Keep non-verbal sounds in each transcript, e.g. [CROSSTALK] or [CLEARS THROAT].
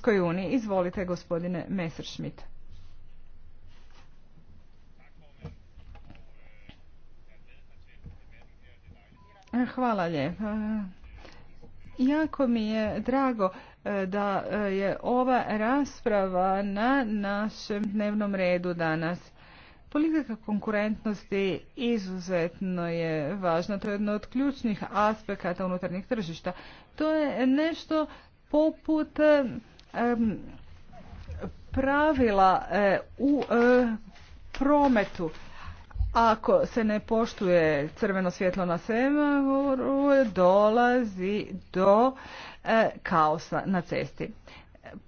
Europskoj uniji. Izvolite gospodine Messerschmidt. Hvala lijepa. Jako mi je drago e, da e, je ova rasprava na našem dnevnom redu danas. Politika konkurentnosti izuzetno je važna. To je jedno od ključnih aspekata unutarnjih tržišta. To je nešto poput pravila e, u e, prometu. Ako se ne poštuje crveno svjetlo na semaforu, dolazi do e, kaosa na cesti.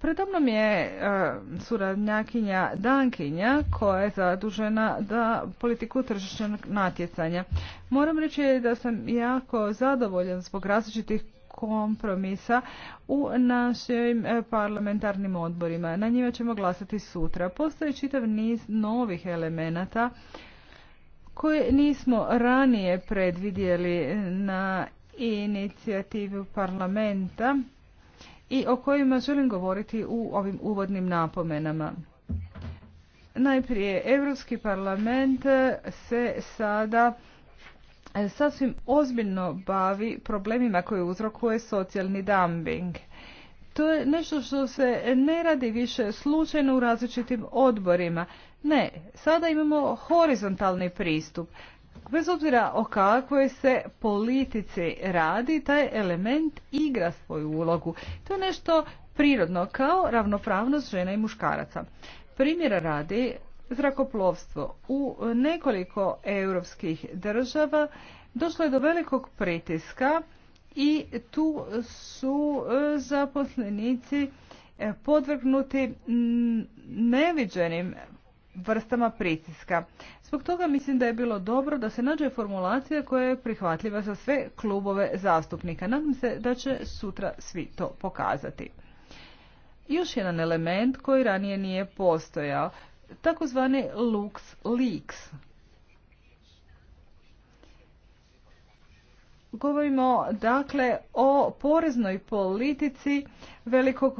Predobnom je suradnjakinja Dankinja koja je zadužena da politiku tržišnog natjecanja. Moram reći da sam jako zadovoljan zbog različitih kompromisa u našim e, parlamentarnim odborima. Na njima ćemo glasati sutra. Postoji čitav niz novih elemenata koje nismo ranije predvidjeli na inicijativu parlamenta i o kojima želim govoriti u ovim uvodnim napomenama. Najprije, Europski parlament se sada E, sasvim ozbiljno bavi problemima koje uzrokuje socijalni dumping. To je nešto što se ne radi više slučajno u različitim odborima. Ne, sada imamo horizontalni pristup. Bez obzira o kakvoj se politici radi, taj element igra svoju ulogu. To je nešto prirodno, kao ravnopravnost žena i muškaraca. Primjera radi, zrakoplovstvo. U nekoliko europskih država došlo je do velikog pritiska i tu su e, zaposlenici e, podvrgnuti neviđenim vrstama pritiska. Zbog toga mislim da je bilo dobro da se nađe formulacija koja je prihvatljiva za sve klubove zastupnika. Nadam se da će sutra svi to pokazati. Još jedan element koji ranije nije postojao takozvani Lux Leaks. Govorimo dakle o poreznoj politici velikog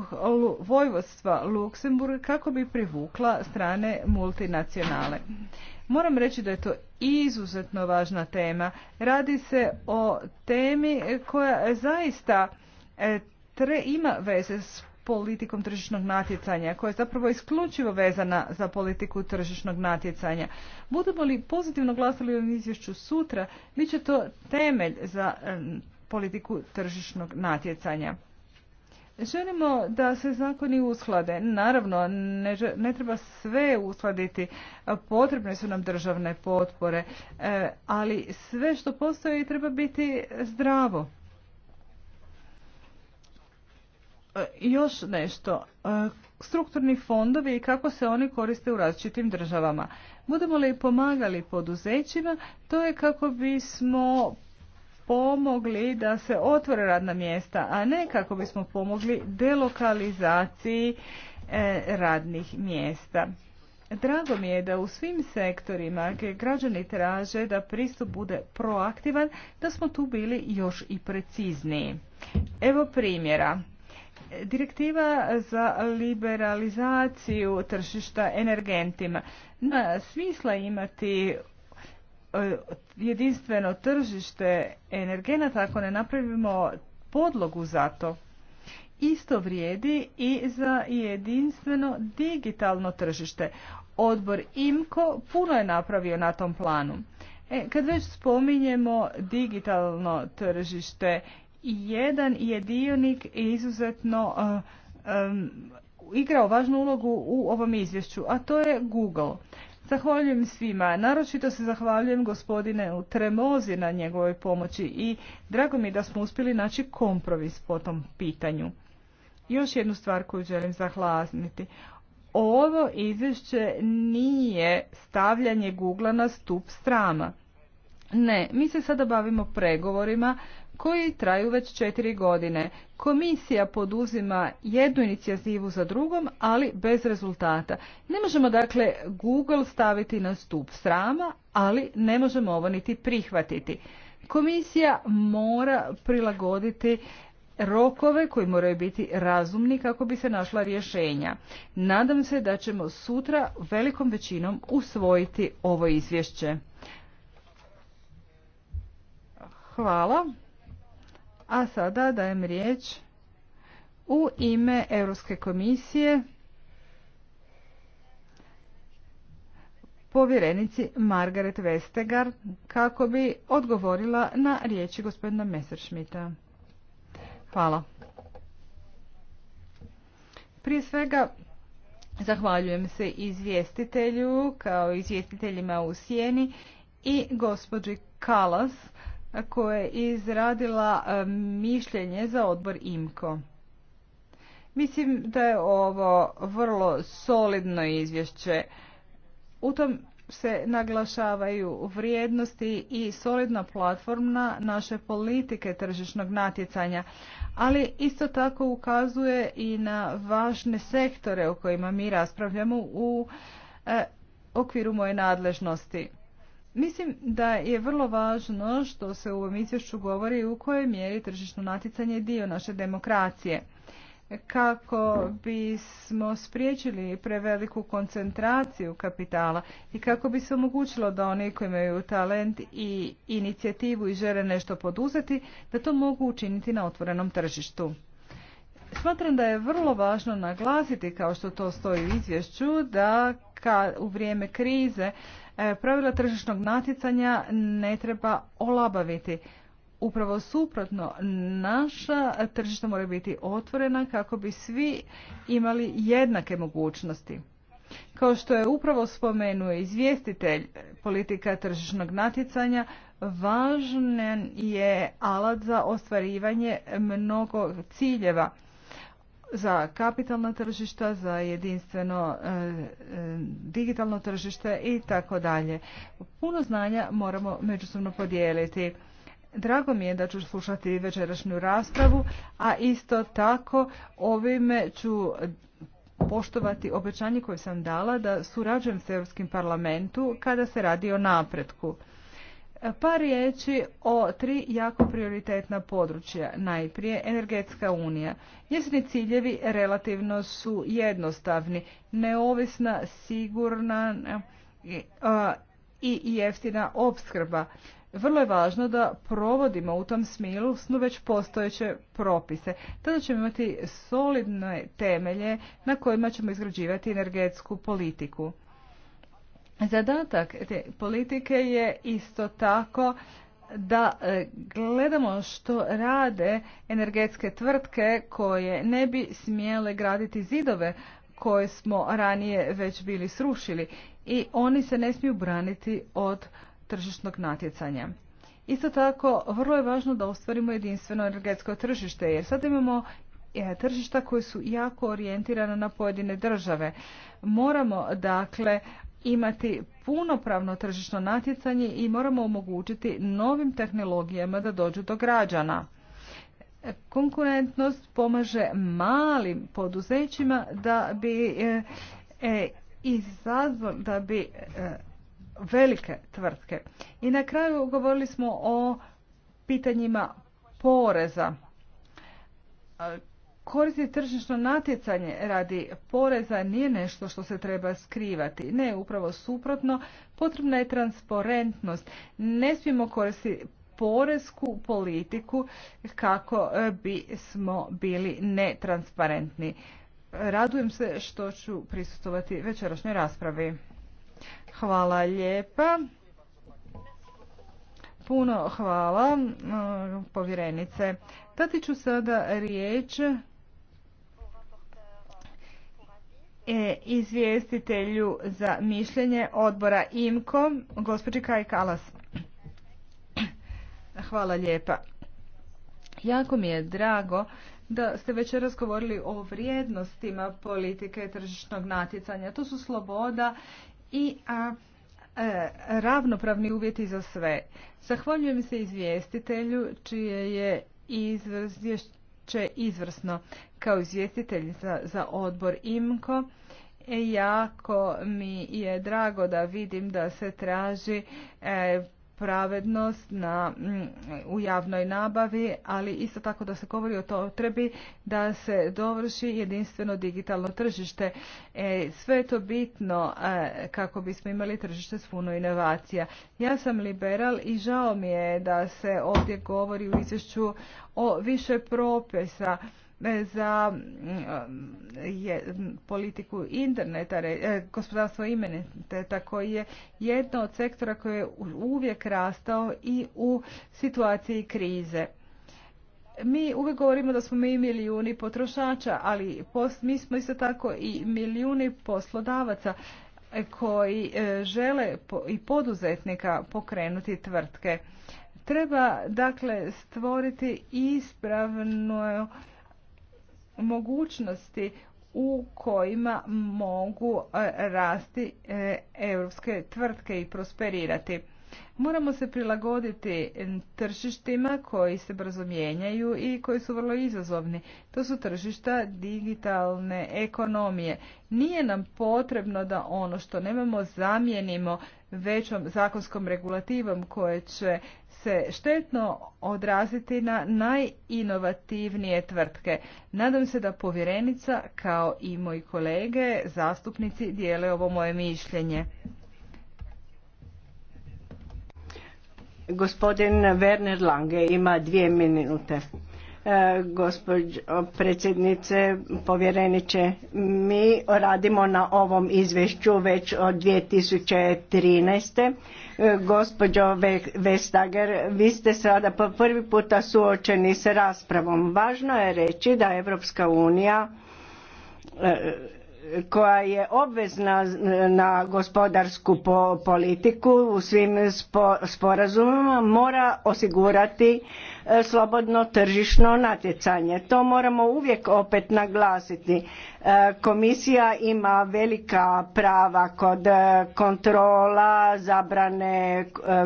vojvodstva Luksemburg kako bi privukla strane multinacionale. Moram reći da je to izuzetno važna tema. Radi se o temi koja zaista e, ima veze s politikom tržišnog natjecanja, koja je zapravo isključivo vezana za politiku tržišnog natjecanja. Budemo li pozitivno glasali u izvješću sutra, bit će to temelj za politiku tržišnog natjecanja. Želimo da se zakoni usklade. Naravno, ne, ne treba sve uskladiti. Potrebne su nam državne potpore, e, ali sve što postoji treba biti zdravo. još nešto. E, strukturni fondovi i kako se oni koriste u različitim državama. Budemo li pomagali poduzećima, to je kako bismo pomogli da se otvore radna mjesta, a ne kako bismo pomogli delokalizaciji e, radnih mjesta. Drago mi je da u svim sektorima gdje građani traže da pristup bude proaktivan, da smo tu bili još i precizniji. Evo primjera. Direktiva za liberalizaciju tržišta energentima. Na smisla imati e, jedinstveno tržište energenata ako ne napravimo podlogu za to. Isto vrijedi i za jedinstveno digitalno tržište. Odbor IMKO puno je napravio na tom planu. E, kad već spominjemo digitalno tržište jedan je dionik izuzetno eh, igrao važnu ulogu u ovom izvješću, a to je Google. Zahvaljujem svima, naročito se zahvaljujem gospodine Tremozi na njegovoj pomoći i drago mi da smo uspjeli naći kompromis po tom pitanju. Još jednu stvar koju želim zahlasniti. Ovo izvješće nije stavljanje Google na stup strama. Ne, mi se sada bavimo pregovorima koji traju već četiri godine. Komisija poduzima jednu inicijativu za drugom, ali bez rezultata. Ne možemo dakle Google staviti na stup srama, ali ne možemo ovo niti prihvatiti. Komisija mora prilagoditi rokove koji moraju biti razumni kako bi se našla rješenja. Nadam se da ćemo sutra velikom većinom usvojiti ovo izvješće. Hvala. A sada dajem riječ u ime Europske komisije povjerenici Margaret Vestegar kako bi odgovorila na riječi gospodina Messerschmitta. Hvala. Prije svega zahvaljujem se izvjestitelju kao izvjestiteljima u Sjeni i gospođi Kalas koje je izradila e, mišljenje za odbor IMKO. Mislim da je ovo vrlo solidno izvješće. U tom se naglašavaju vrijednosti i solidna platforma naše politike tržišnog natjecanja, ali isto tako ukazuje i na važne sektore o kojima mi raspravljamo u e, okviru moje nadležnosti. Mislim da je vrlo važno što se u ovom izvješću govori u kojoj mjeri tržišno natjecanje je dio naše demokracije. Kako bismo spriječili preveliku koncentraciju kapitala i kako bi se omogućilo da oni koji imaju talent i inicijativu i žele nešto poduzeti, da to mogu učiniti na otvorenom tržištu. Smatram da je vrlo važno naglasiti, kao što to stoji u izvješću, da ka, u vrijeme krize E, pravila tržišnog natjecanja ne treba olabaviti. Upravo suprotno, naša tržišta mora biti otvorena kako bi svi imali jednake mogućnosti. Kao što je upravo spomenuo izvjestitelj politika tržišnog natjecanja, važan je alat za ostvarivanje mnogo ciljeva za kapitalna tržišta, za jedinstveno e, e, digitalno tržište i tako dalje. Puno znanja moramo međusobno podijeliti. Drago mi je da ću slušati večerašnju raspravu, a isto tako ovime ću poštovati obećanje koje sam dala da surađujem s Europskim parlamentu kada se radi o napretku. Par riječi o tri jako prioritetna područja. Najprije energetska unija. Njesni ciljevi relativno su jednostavni, neovisna, sigurna e, i jeftina opskrba. Vrlo je važno da provodimo u tom smilu snu već postojeće propise. Tada ćemo imati solidne temelje na kojima ćemo izgrađivati energetsku politiku. Zadatak te politike je isto tako da e, gledamo što rade energetske tvrtke koje ne bi smjele graditi zidove koje smo ranije već bili srušili i oni se ne smiju braniti od tržišnog natjecanja. Isto tako, vrlo je važno da ostvarimo jedinstveno energetsko tržište, jer sad imamo e, tržišta koje su jako orijentirana na pojedine države. Moramo, dakle, imati punopravno tržišno natjecanje i moramo omogućiti novim tehnologijama da dođu do građana. Konkurentnost pomaže malim poduzećima da bi e, e izazvali, da bi e, velike tvrtke. I na kraju govorili smo o pitanjima poreza Koristi tržišno natjecanje radi poreza nije nešto što se treba skrivati. Ne, upravo suprotno, potrebna je transparentnost. Ne smijemo koristiti poresku politiku kako e, bismo bili netransparentni. Radujem se što ću prisutovati večerašnjoj raspravi. Hvala lijepa. Puno hvala, e, povjerenice. Tati ću sada riječ E, izvjestitelju za mišljenje odbora imkom gospođi Kaj Kalas. [CLEARS THROAT] Hvala lijepa. Jako mi je drago da ste već govorili o vrijednostima politike tržišnog natjecanja. To su sloboda i a, e, ravnopravni uvjeti za sve. Zahvaljujem se izvjestitelju čije je izvješće će izvrsno. Kao izvjestitelj za, odbor IMKO, e, jako mi je drago da vidim da se traži e, pravednost na, mm, u javnoj nabavi, ali isto tako da se govori o to trebi da se dovrši jedinstveno digitalno tržište. E, sve je to bitno e, kako bismo imali tržište s puno inovacija. Ja sam liberal i žao mi je da se ovdje govori u izvješću o više propisa za mm, mm, politiku interneta, e, gospodarstvo interneta koji je jedno od sektora koji je uvijek rastao i u situaciji krize. Mi uvijek govorimo da smo mi milijuni potrošača, ali pos, mi smo isto tako i milijuni poslodavaca e, koji e, žele i poduzetnika pokrenuti tvrtke. Treba dakle stvoriti ispravno mogućnosti u kojima mogu e, rasti e, europske tvrtke i prosperirati. Moramo se prilagoditi e, tržištima koji se brzo mijenjaju i koji su vrlo izazovni. To su tržišta digitalne ekonomije. Nije nam potrebno da ono što nemamo zamijenimo većom zakonskom regulativom koje će se štetno odraziti na najinovativnije tvrtke. Nadam se da povjerenica kao i moji kolege zastupnici dijele ovo moje mišljenje. Gospodin Werner Lange ima dvije minute. E, gospođo predsjednice, povjereniče. Mi radimo na ovom izvješću već od 2013. E, gospođo Vestager, vi ste sada po prvi puta suočeni s raspravom. Važno je reći da Evropska unija e, koja je obvezna na gospodarsku politiku u svim sporazumima mora osigurati e, slobodno tržišno natjecanje. To moramo uvijek opet naglasiti. E, komisija ima velika prava kod e, kontrola, zabrane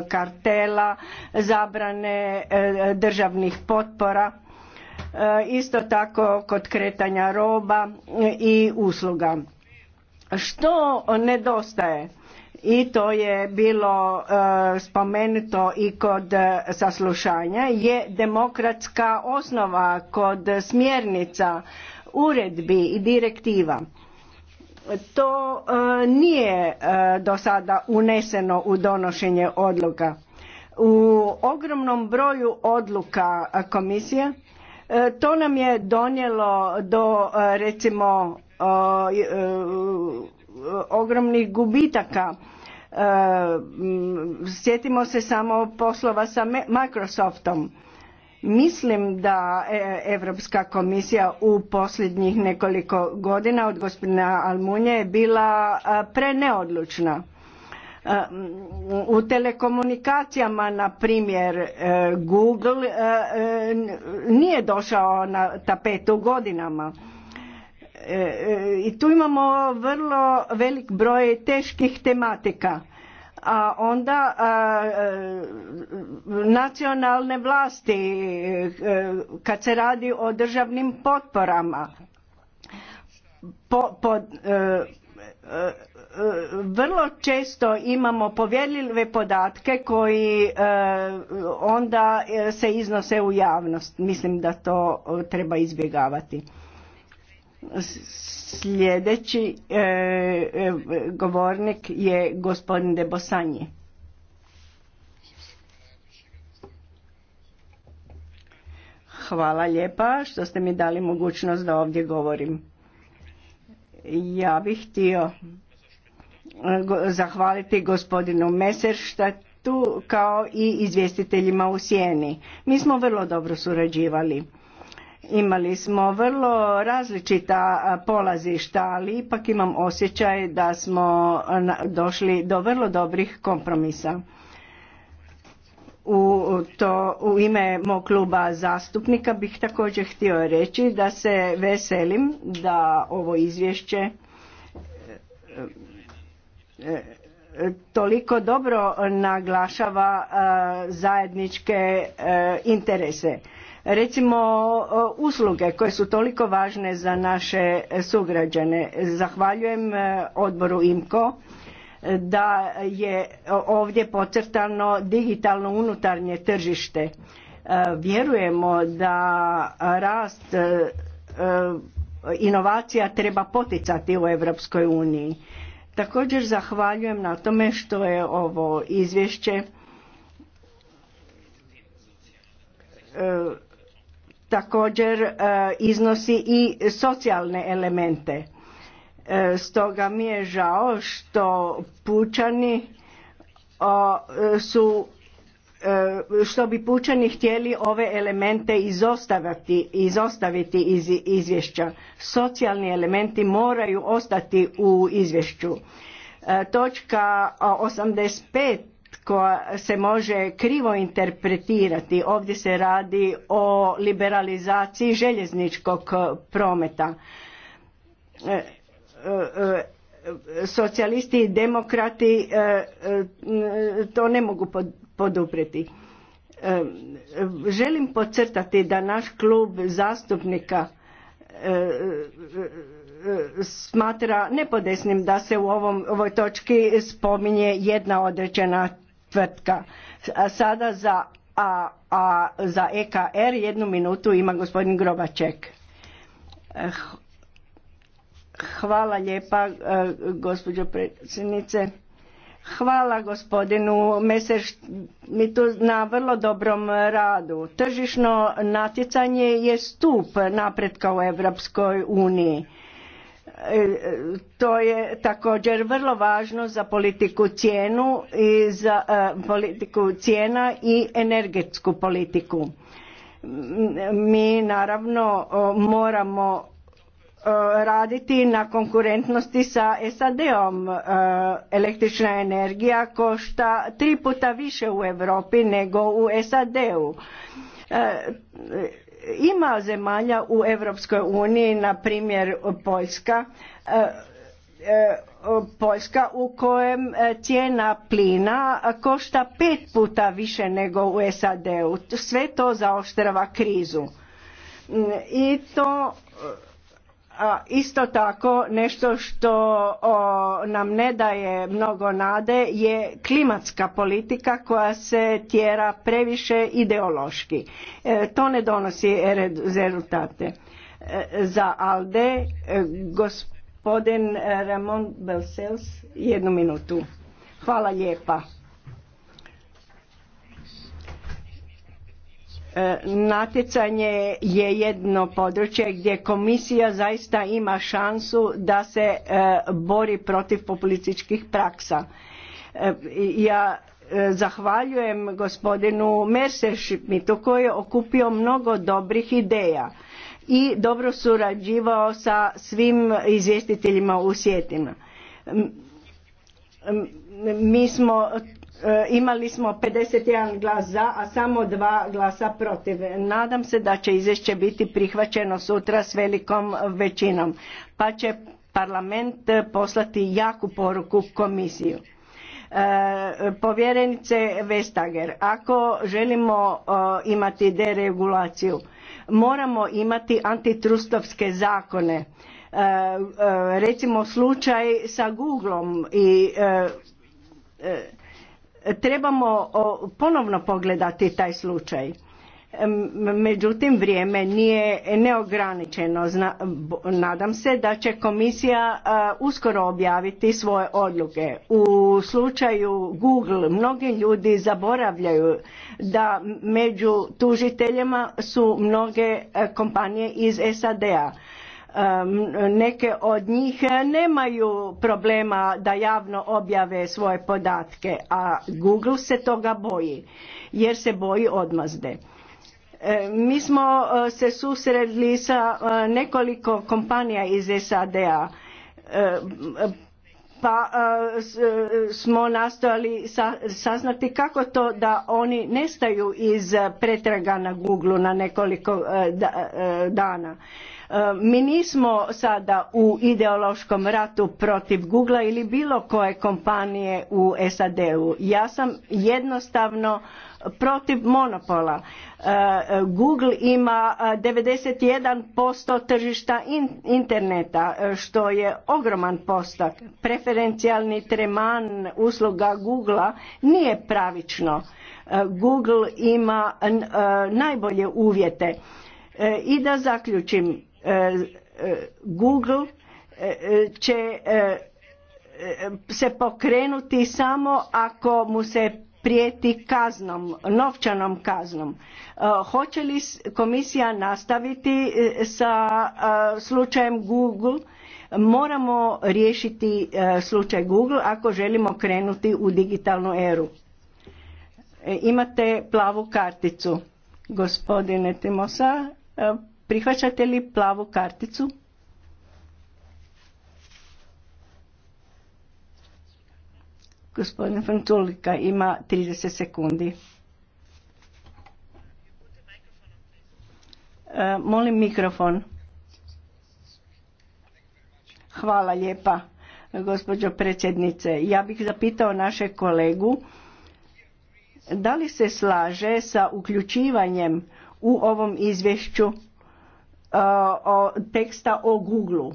kartela, zabrane državnih potpora E, isto tako kod kretanja roba i usluga. Što nedostaje? I to je bilo e, spomenuto i kod saslušanja je demokratska osnova kod smjernica, uredbi i direktiva. To e, nije do sada uneseno u donošenje odluka. U ogromnom broju odluka komisije E, to nam je donijelo do e, recimo e, ogromnih gubitaka. Sjetimo se samo poslova sa Microsoftom. Mislim da Europska komisija u posljednjih nekoliko godina od gospodina Almunje je bila preneodlučna u telekomunikacijama, na primjer, e, Google e, e, nije došao na tapetu godinama. I tu imamo vrlo velik broj teških tematika a onda nacionalne vlasti kad se radi o državnim potporama po, vrlo često imamo povjerljive podatke koji e, onda e, se iznose u javnost. Mislim da to e, treba izbjegavati. Sljedeći govornik je gospodin Debosanji. Hvala lijepa što ste mi dali mogućnost da ovdje govorim. Ja bih htio zahvaliti gospodinu Messerštatu kao i izvjestiteljima u Sjeni. Mi smo vrlo dobro surađivali. Imali smo vrlo različita polazišta, ali ipak imam osjećaj da smo došli do vrlo dobrih kompromisa. U, to, u ime mog kluba zastupnika bih također htio reći da se veselim da ovo izvješće E, toliko dobro naglašava e, zajedničke e, interese. Recimo usluge koje su toliko važne za naše sugrađane. Zahvaljujem odboru IMCO da je ovdje pocrtano digitalno unutarnje tržište. Vjerujemo da rast inovacija treba poticati u Europskoj uniji Također zahvaljujem na tome što je ovo izvješće e, također e, iznosi i socijalne elemente. E, stoga mi je žao što pučani su E, što bi pučani htjeli ove elemente izostaviti, izostaviti iz izvješća. Socijalni elementi moraju ostati u izvješću. E, točka 85 koja se može krivo interpretirati. Ovdje se radi o liberalizaciji željezničkog prometa. E, socijalisti i demokrati to ne mogu poduprijeti. E, želim podcrtati da naš klub zastupnika e, e, smatra nepodesnim da se u ovom, ovoj točki spominje jedna određena tvrtka. sada za, a, a za EKR jednu minutu ima gospodin Grobaček. Hvala lijepa gospođo predsjednice. Hvala gospodinu Messerschmittu na vrlo dobrom radu. Tržišno natjecanje je stup napretka u Europskoj uniji. E, to je također vrlo važno za politiku cijenu i za e, politiku cijena i energetsku politiku. Mi naravno moramo E, raditi na konkurentnosti sa SAD-om. E, električna energija košta tri puta više u Europi nego u SAD-u. E, ima zemalja u Europskoj uniji, na primjer Poljska, Poljska u kojem cijena plina košta pet puta više nego u SAD-u. Sve to zaoštrava krizu. I to a isto tako nešto što nam ne daje mnogo nade je klimatska politika koja se tjera previše ideološki e, to ne donosi rezultate e, za alde e, gospodin Ramon Belsels jednu minutu hvala lijepa E, natjecanje je jedno područje gdje komisija zaista ima šansu da se e, bori protiv populističkih praksa. E, ja zahvaljujem gospodinu Messerschmittu koji je okupio mnogo dobrih ideja i dobro surađivao sa svim izvjestiteljima u sjetima. Mi smo E, imali smo 51 glas za, a samo dva glasa protiv. Nadam se da će izvješće biti prihvaćeno sutra s velikom većinom, pa će parlament poslati jaku poruku komisiju. E, povjerenice Vestager, ako želimo e, imati deregulaciju, moramo imati antitrustovske zakone. recimo slučaj sa Googlom i Trebamo ponovno pogledati taj slučaj. Međutim, vrijeme nije neograničeno. Nadam se da će komisija uskoro objaviti svoje odluke. U slučaju Google mnogi ljudi zaboravljaju da među tužiteljima su mnoge e, kompanije iz SAD-a neke od njih nemaju problema da javno objave svoje podatke, a Google se toga boji jer se boji odmazde. Mi smo eh, se susredli sa eh, nekoliko kompanija iz SAD-a pa eh, smo nastojali saznati kako to da oni nestaju iz pretraga na Google na nekoliko dana E, mi nismo sada u ideološkom ratu protiv Google ili bilo koje kompanije u SAD-u. Ja sam jednostavno protiv monopola. E, Google ima 91% e, tržišta interneta, što je ogroman postak. Preferencijalni treman usluga Googlea nije pravično. Google ima najbolje uvjete. I da zaključim, E, e, Google e, će se pokrenuti samo ako mu se prijeti kaznom, novčanom kaznom. Hoće li komisija nastaviti sa slučajem Google? Moramo riješiti slučaj Google ako želimo krenuti u digitalnu eru. Imate plavu karticu, gospodine Timosa. Prihvaćate li plavu karticu? Gospodin Fantulika ima 30 sekundi. E, molim mikrofon. Hvala lijepa, gospođo predsjednice. Ja bih zapitao naše kolegu da li se slaže sa uključivanjem u ovom izvješću o, teksta o google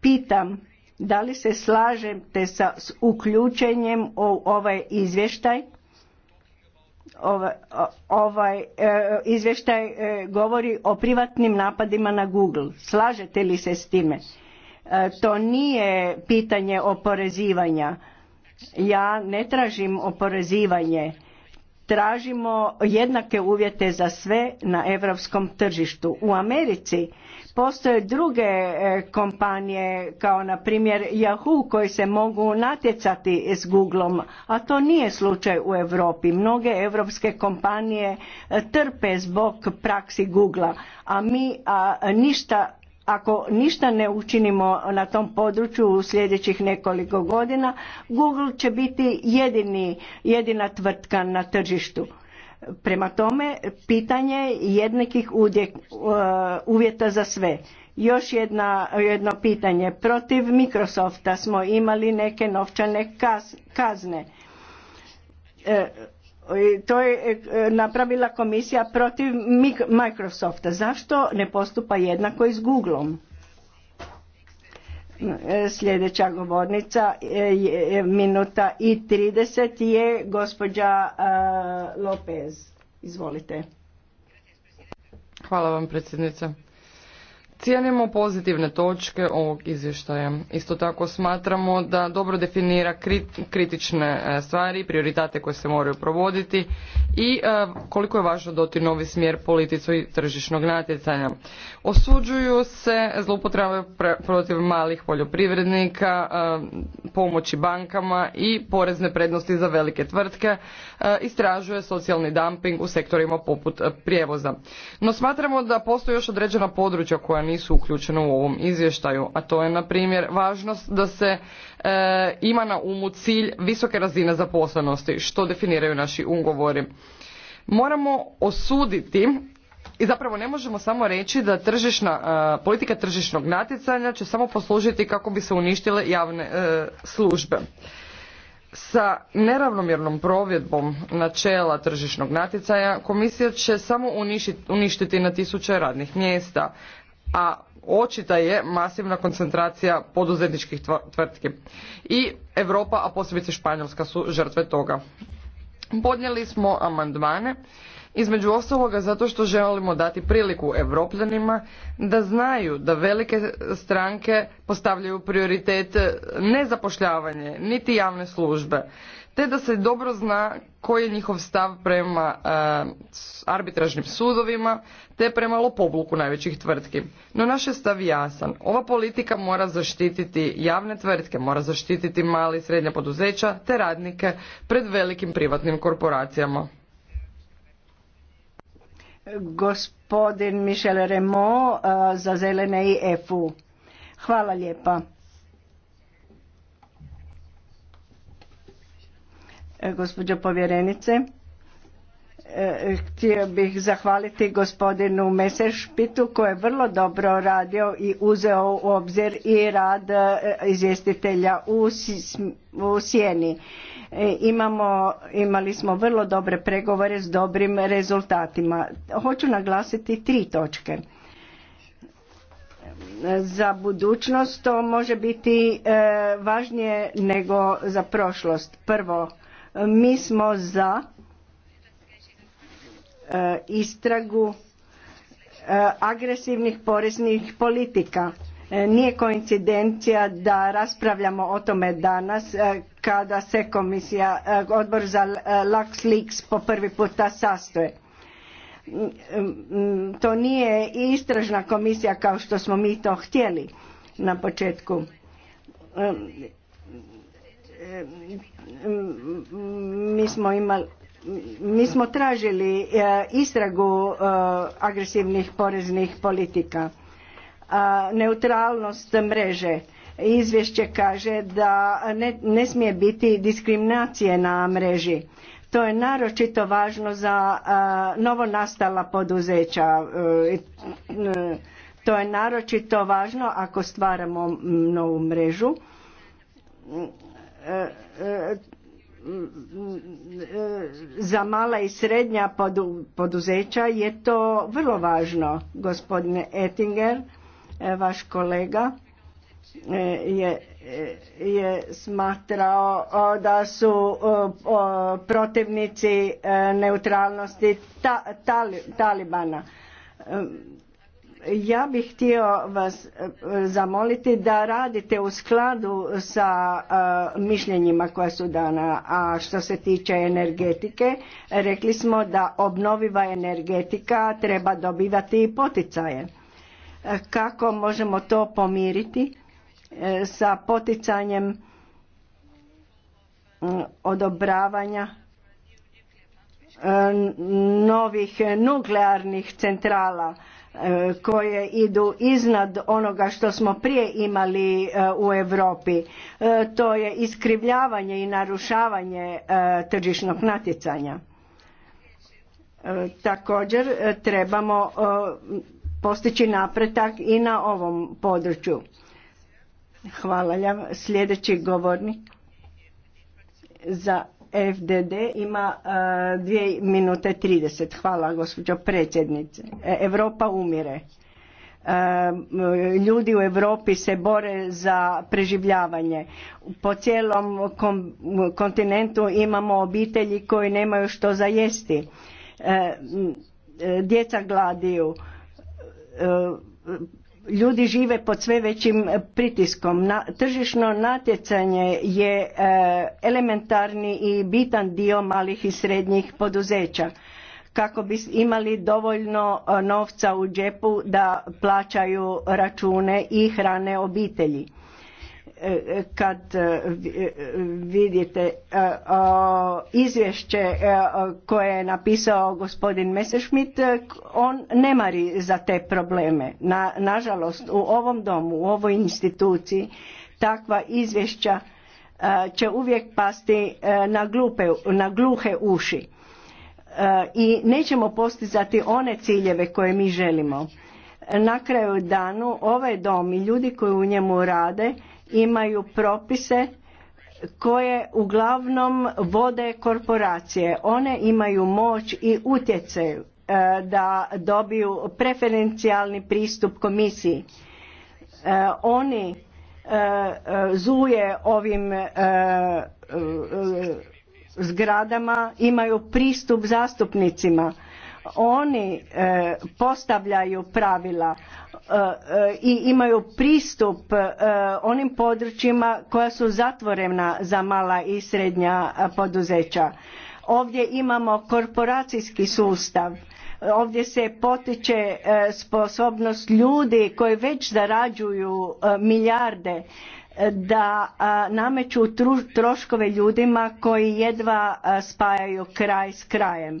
Pitam da li se slažete sa s uključenjem u ovaj izvještaj? Ovaj, ovaj izvještaj e, govori o privatnim napadima na Google. Slažete li se s time? E, to nije pitanje oporezivanja ja ne tražim oporezivanje, tražimo jednake uvjete za sve na europskom tržištu. U Americi postoje druge e, kompanije kao na primjer Yahoo koji se mogu natjecati s Googleom, a to nije slučaj u Europi. Mnoge europske kompanije e, trpe zbog praksi googla a mi a, ništa ako ništa ne učinimo na tom području u sljedećih nekoliko godina, Google će biti jedini, jedina tvrtka na tržištu. Prema tome, pitanje jednakih uh, uvjeta za sve. Još jedno pitanje. Protiv Microsofta smo imali neke novčane kazne. E, to je e, napravila komisija protiv Microsofta. Zašto ne postupa jednako i s Googleom? E, sljedeća govornica e, je minuta i 30 je gospođa Lopez. Izvolite. Hvala vam predsjednica. Cijenimo pozitivne točke ovog izvještaja. Isto tako smatramo da dobro definira kritične e, stvari, prioritate koje se moraju provoditi i e, koliko je važno doti novi smjer politicu i tržišnog natjecanja. Osuđuju se zloupotrebe protiv malih poljoprivrednika, e, pomoći bankama i porezne prednosti za velike tvrtke, istražuje socijalni dumping u sektorima poput prijevoza. No smatramo da postoji još određena područja koja nisu uključena u ovom izvještaju, a to je na primjer važnost da se e, ima na umu cilj visoke razine zaposlenosti što definiraju naši ugovori. Moramo osuditi i zapravo ne možemo samo reći da tržišna, e, politika tržišnog natjecanja će samo poslužiti kako bi se uništile javne e, službe. Sa neravnomjernom provjedbom načela tržišnog natjecaja komisija će samo uništiti na tisuće radnih mjesta a očita je masivna koncentracija poduzetničkih tvrtki. I Europa, a posebice Španjolska su žrtve toga. Podnijeli smo amandmane, između ostaloga zato što želimo dati priliku Evropljanima da znaju da velike stranke postavljaju prioritet e, ne zapošljavanje, niti javne službe, te da se dobro zna koji je njihov stav prema e, arbitražnim sudovima te prema lopovluku najvećih tvrtki. No naš je stav jasan. Ova politika mora zaštititi javne tvrtke, mora zaštititi mali i srednja poduzeća te radnike pred velikim privatnim korporacijama. Gospodin Michel Remo e, za zelene i EFU. Hvala lijepa. E, gospođo povjerenice. E, htio bih zahvaliti gospodinu Mesešpitu koji je vrlo dobro radio i uzeo u obzir i rad e, izvjestitelja u sjeni. Imamo, imali smo vrlo dobre pregovore s dobrim rezultatima. Hoću naglasiti tri točke za budućnost to može biti važnije nego za prošlost. Prvo, mi smo za e, istragu e, agresivnih poreznih politika. E, nije koincidencija da raspravljamo o tome danas kada se komisija, odbor za Leaks po prvi puta sastoje. Mm, mm, to nije istražna komisija kao što smo mi to htjeli na početku mi smo imali mi smo tražili e, istragu e, agresivnih poreznih politika. E, neutralnost mreže. Izvješće kaže da ne, smije biti diskriminacije na mreži. To je naročito važno za novonastala poduzeća. To je naročito važno ako stvaramo novu mrežu za mala i srednja poduzeća je to vrlo važno. Gospodine Ettinger, e, vaš kolega e, e, je, smatrao da su protivnici neutralnosti Talibana ja bih htio vas e, zamoliti da radite u skladu sa e, mišljenjima koja su dana. A što se tiče energetike, rekli smo da obnoviva energetika treba dobivati i poticaje. E, kako možemo to pomiriti sa poticanjem odobravanja novih nuklearnih centrala? E, koje idu iznad onoga što smo prije imali e, u Europi. E, to je iskrivljavanje i narušavanje tržišnog natjecanja. Također trebamo postići napretak i na ovom području. Hvala. Sljedeći govornik za FDD ima e, dvije minute 30. Hvala gospođo predsjednice. Europa umire. E, ljudi u Europi se bore za preživljavanje. Po cijelom kontinentu imamo obitelji koji nemaju što za jesti. E, djeca gladiju ljudi žive pod sve većim e, pritiskom. Na, tržišno natjecanje je e, elementarni i bitan dio malih i srednjih poduzeća kako bi imali dovoljno e, novca u džepu da plaćaju račune i hrane obitelji kad e, e, vidite e, izvješće koje je napisao gospodin Messerschmidt, on ne mari za te probleme. nažalost, u ovom domu, u ovoj instituciji, takva izvješća će uvijek pasti na, glupe, na gluhe uši i nećemo postizati one ciljeve koje mi želimo. Na kraju danu ovaj dom i ljudi koji u njemu rade imaju propise koje uglavnom vode korporacije. One imaju moć i utjecaj e, da dobiju preferencijalni pristup komisiji. E, oni e, zuje ovim zgradama, imaju pristup zastupnicima. Oni postavljaju pravila E, i imaju pristup e, onim područjima koja su zatvorena za mala i srednja e, poduzeća. Ovdje imamo korporacijski sustav, ovdje se potiče sposobnost ljudi koji već zarađuju milijarde da nameću troškove ljudima koji jedva spajaju kraj s krajem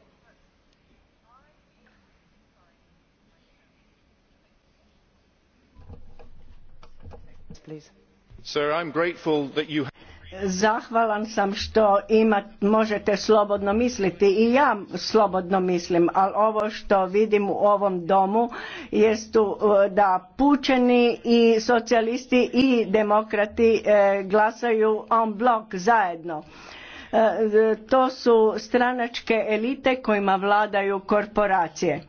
Zahvalan sam što možete slobodno misliti i ja slobodno mislim, ali ovo što vidim u ovom domu jest uh, da pučeni i socijalisti i demokrati uh, glasaju en blok zajedno. Uh, to su stranačke elite kojima vladaju korporacije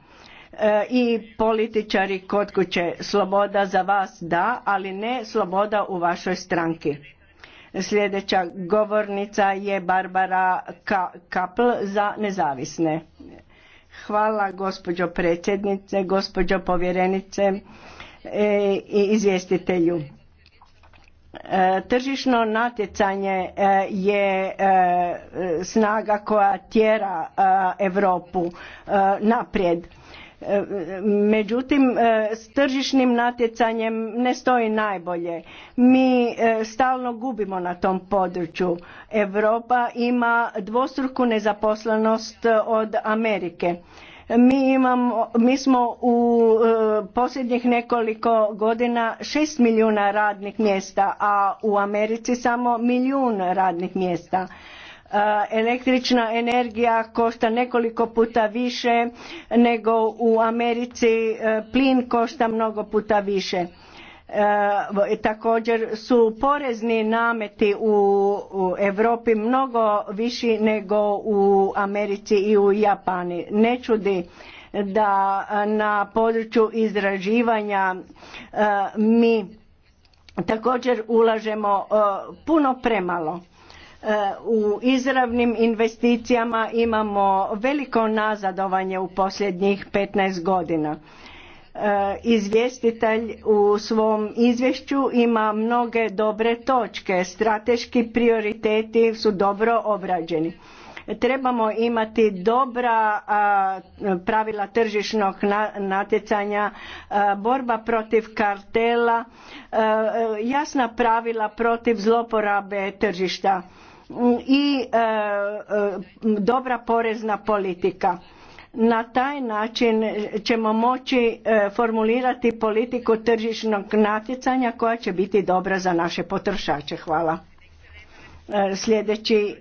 E, i političari kod kuće. Sloboda za vas da, ali ne sloboda u vašoj stranki. Sljedeća govornica je Barbara Kapl za nezavisne. Hvala gospođo predsjednice, gospođo povjerenice e, i izvjestitelju. E, tržišno natjecanje je snaga koja tjera Europu naprijed Međutim, e, s tržišnim natjecanjem ne stoji najbolje. Mi e, stalno gubimo na tom području. Europa ima dvostruku nezaposlenost e, od Amerike. Mi, imamo, mi smo u posljednjih nekoliko godina šest milijuna radnih mjesta, a u Americi samo milijun radnih mjesta Eh, električna energija košta nekoliko puta više nego u Americi, eh, plin košta mnogo puta više. Eh, također su porezni nameti u, Europi mnogo viši nego u Americi i u Japani. Ne čudi da na području izraživanja mi također ulažemo puno premalo u izravnim investicijama imamo veliko nazadovanje u posljednjih 15 godina. E, izvjestitelj u svom izvješću ima mnoge dobre točke, strateški prioriteti su dobro obrađeni. Trebamo imati dobra pravila tržišnog natjecanja, borba protiv kartela, jasna pravila protiv zloporabe tržišta i e, e, dobra porezna politika. Na taj način ćemo moći e, formulirati politiku tržišnog natjecanja koja će biti dobra za naše potrošače. Hvala. Sljedeći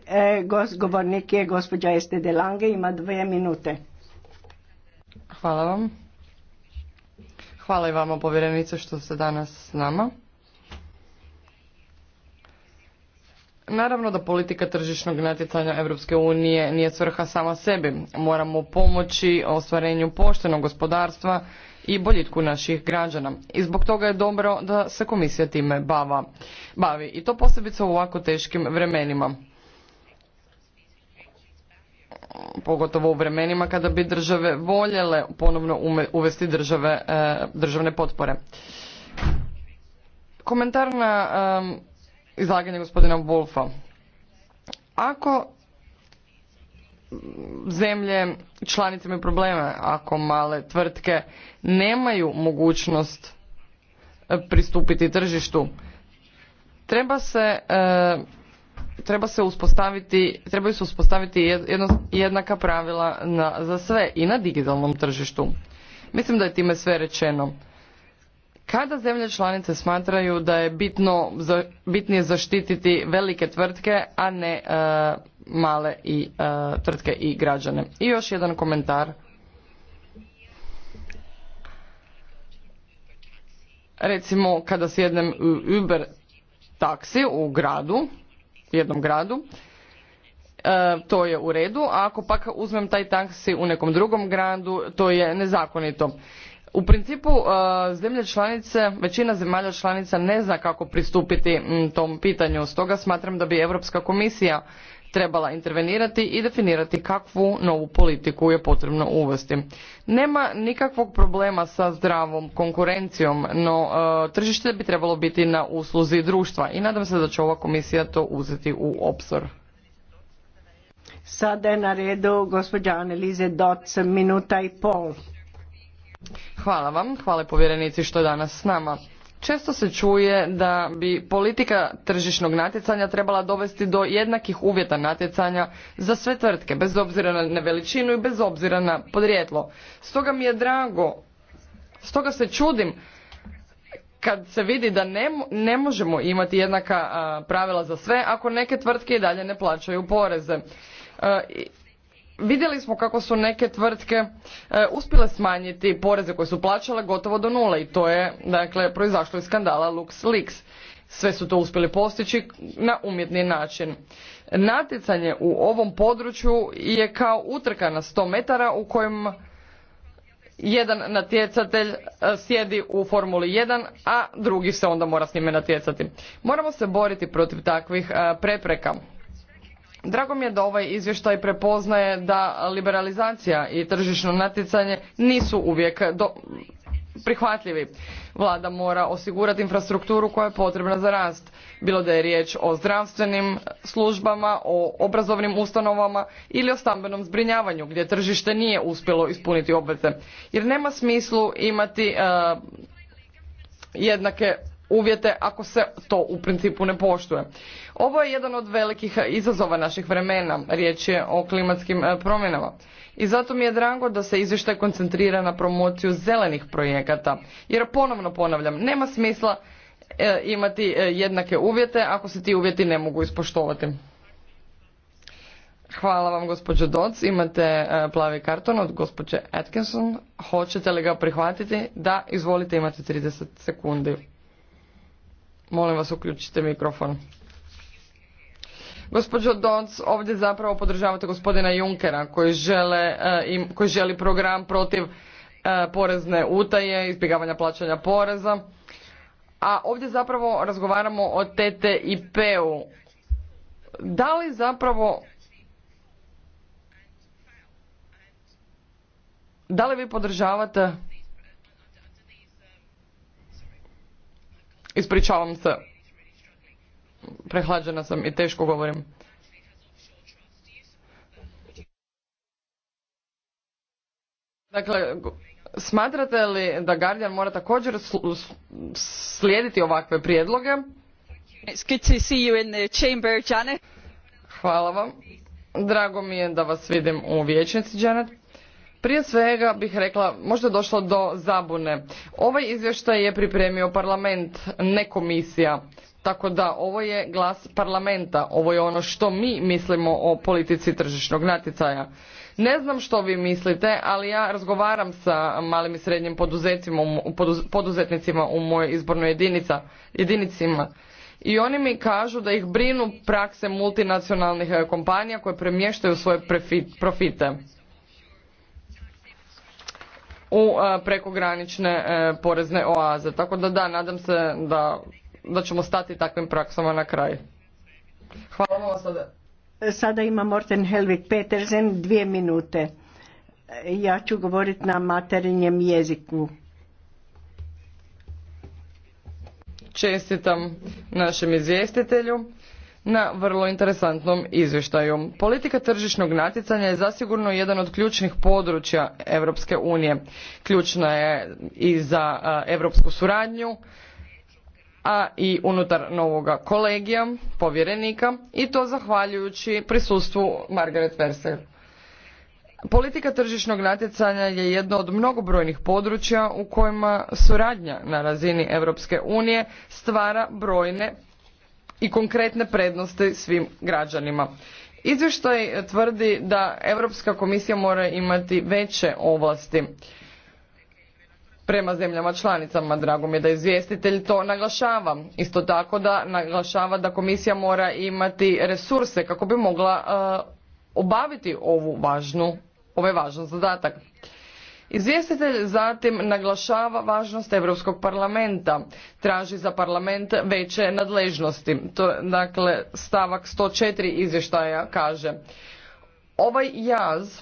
govornik je gospođa Este Lange, ima dvije minute. Hvala vam. Hvala i vama povjerenice što ste danas s nama. Naravno da politika tržišnog natjecanja Europske unije nije svrha sama sebi. Moramo pomoći ostvarenju poštenog gospodarstva i boljitku naših građana. I zbog toga je dobro da se komisija time bava, bavi. I to posebice u ovako teškim vremenima. Pogotovo u vremenima kada bi države voljele ponovno uvesti eh, državne potpore. Komentar na izlaganje gospodina Wolfa. Ako zemlje članice imaju probleme, ako male tvrtke nemaju mogućnost e, pristupiti tržištu, treba se e, treba se uspostaviti, trebaju se uspostaviti jednaka pravila na, za sve i na digitalnom tržištu. Mislim da je time sve rečeno. Kada zemlje članice smatraju da je bitno, bitnije zaštititi velike tvrtke, a ne e, male i e, tvrtke i građane. I još jedan komentar. Recimo kada sjednem u Uber taksi u gradu, jednom gradu, e, to je u redu, a ako pak uzmem taj taksi u nekom drugom gradu, to je nezakonito u principu e, zemlje članice, većina zemalja članica ne zna kako pristupiti tom pitanju. Stoga smatram da bi Europska komisija trebala intervenirati i definirati kakvu novu politiku je potrebno uvesti. Nema nikakvog problema sa zdravom konkurencijom, no e, tržište bi trebalo biti na usluzi društva i nadam se da će ova komisija to uzeti u obzor. Sada je na redu gospođa Anelize Doc, minuta i pol. Hvala vam, hvala povjerenici što je danas s nama. Često se čuje da bi politika tržišnog natjecanja trebala dovesti do jednakih uvjeta natjecanja za sve tvrtke, bez obzira na veličinu i bez obzira na podrijetlo. Stoga mi je drago, stoga se čudim kad se vidi da ne, možemo imati jednaka pravila za sve ako neke tvrtke i dalje ne plaćaju poreze. E, vidjeli smo kako su neke tvrtke e, uspjele smanjiti poreze koje su plaćale gotovo do nule i to je dakle proizašlo iz skandala LuxLeaks. Sve su to uspjeli postići na umjetni način. Natjecanje u ovom području je kao utrka na sto metara u kojem jedan natjecatelj e, sjedi u Formuli 1, a drugi se onda mora s njime natjecati. Moramo se boriti protiv takvih e, prepreka. Drago mi je da ovaj izvještaj prepoznaje da liberalizacija i tržišno natjecanje nisu uvijek prihvatljivi. Vlada mora osigurati infrastrukturu koja je potrebna za rast, bilo da je riječ o zdravstvenim službama, o obrazovnim ustanovama ili o stambenom zbrinjavanju gdje tržište nije uspjelo ispuniti obveze. Jer nema smislu imati e, jednake uvjete ako se to u principu ne poštuje. Ovo je jedan od velikih izazova naših vremena, riječ je o klimatskim e, promjenama. I zato mi je drago da se izvještaj koncentrira na promociju zelenih projekata. Jer ponovno ponavljam, nema smisla e, imati e, jednake uvjete ako se ti uvjeti ne mogu ispoštovati. Hvala vam gospođo Doc. Imate plavi karton od gospođe Atkinson. Hoćete li ga prihvatiti? Da, izvolite imate 30 sekundi. Molim vas uključite mikrofon. Gospođo Donc, ovdje zapravo podržavate gospodina Junkera koji, žele, eh, koji želi program protiv eh, porezne utaje, izbjegavanja plaćanja poreza. A ovdje zapravo razgovaramo o TTIP-u. Da li zapravo da li vi podržavate Ispričavam se. Prehlađena sam i teško govorim. Dakle, smatrate li da Guardian mora također slijediti ovakve prijedloge? It's see you Hvala vam. Drago mi je da vas vidim u vječnici, Janet. Prije svega bih rekla, možda je došlo do zabune. Ovaj izvještaj je pripremio parlament, ne komisija. Tako da ovo je glas parlamenta, ovo je ono što mi mislimo o politici tržišnog natjecaja. Ne znam što vi mislite, ali ja razgovaram sa malim i srednjim poduzetnicima u mojoj izbornoj jedinica, jedinicima. I oni mi kažu da ih brinu prakse multinacionalnih e, kompanija koje premještaju svoje profite u e, prekogranične e, porezne oaze. Tako da da, nadam se da, da ćemo stati takvim praksama na kraju. Hvala vam sada. Sada ima Morten Helvig Petersen dvije minute. Ja ću govoriti na materinjem jeziku. Čestitam našem izvjestitelju na vrlo interesantnom izvještaju. Politika tržišnog natjecanja je zasigurno jedan od ključnih područja Europske unije. Ključna je i za europsku suradnju, a i unutar novoga kolegija, povjerenika i to zahvaljujući prisustvu Margaret Verser. Politika tržišnog natjecanja je jedno od mnogobrojnih područja u kojima suradnja na razini Europske unije stvara brojne i konkretne prednosti svim građanima. Izvještaj tvrdi da Europska komisija mora imati veće ovlasti prema zemljama članicama. Drago mi je da izvjestitelj to naglašava. Isto tako da naglašava da komisija mora imati resurse kako bi mogla e, obaviti ovu važnu, ovaj važan zadatak. Izvjestitelj zatim naglašava važnost Europskog parlamenta, traži za parlament veće nadležnosti. To, dakle, stavak 104 izvještaja kaže ovaj jaz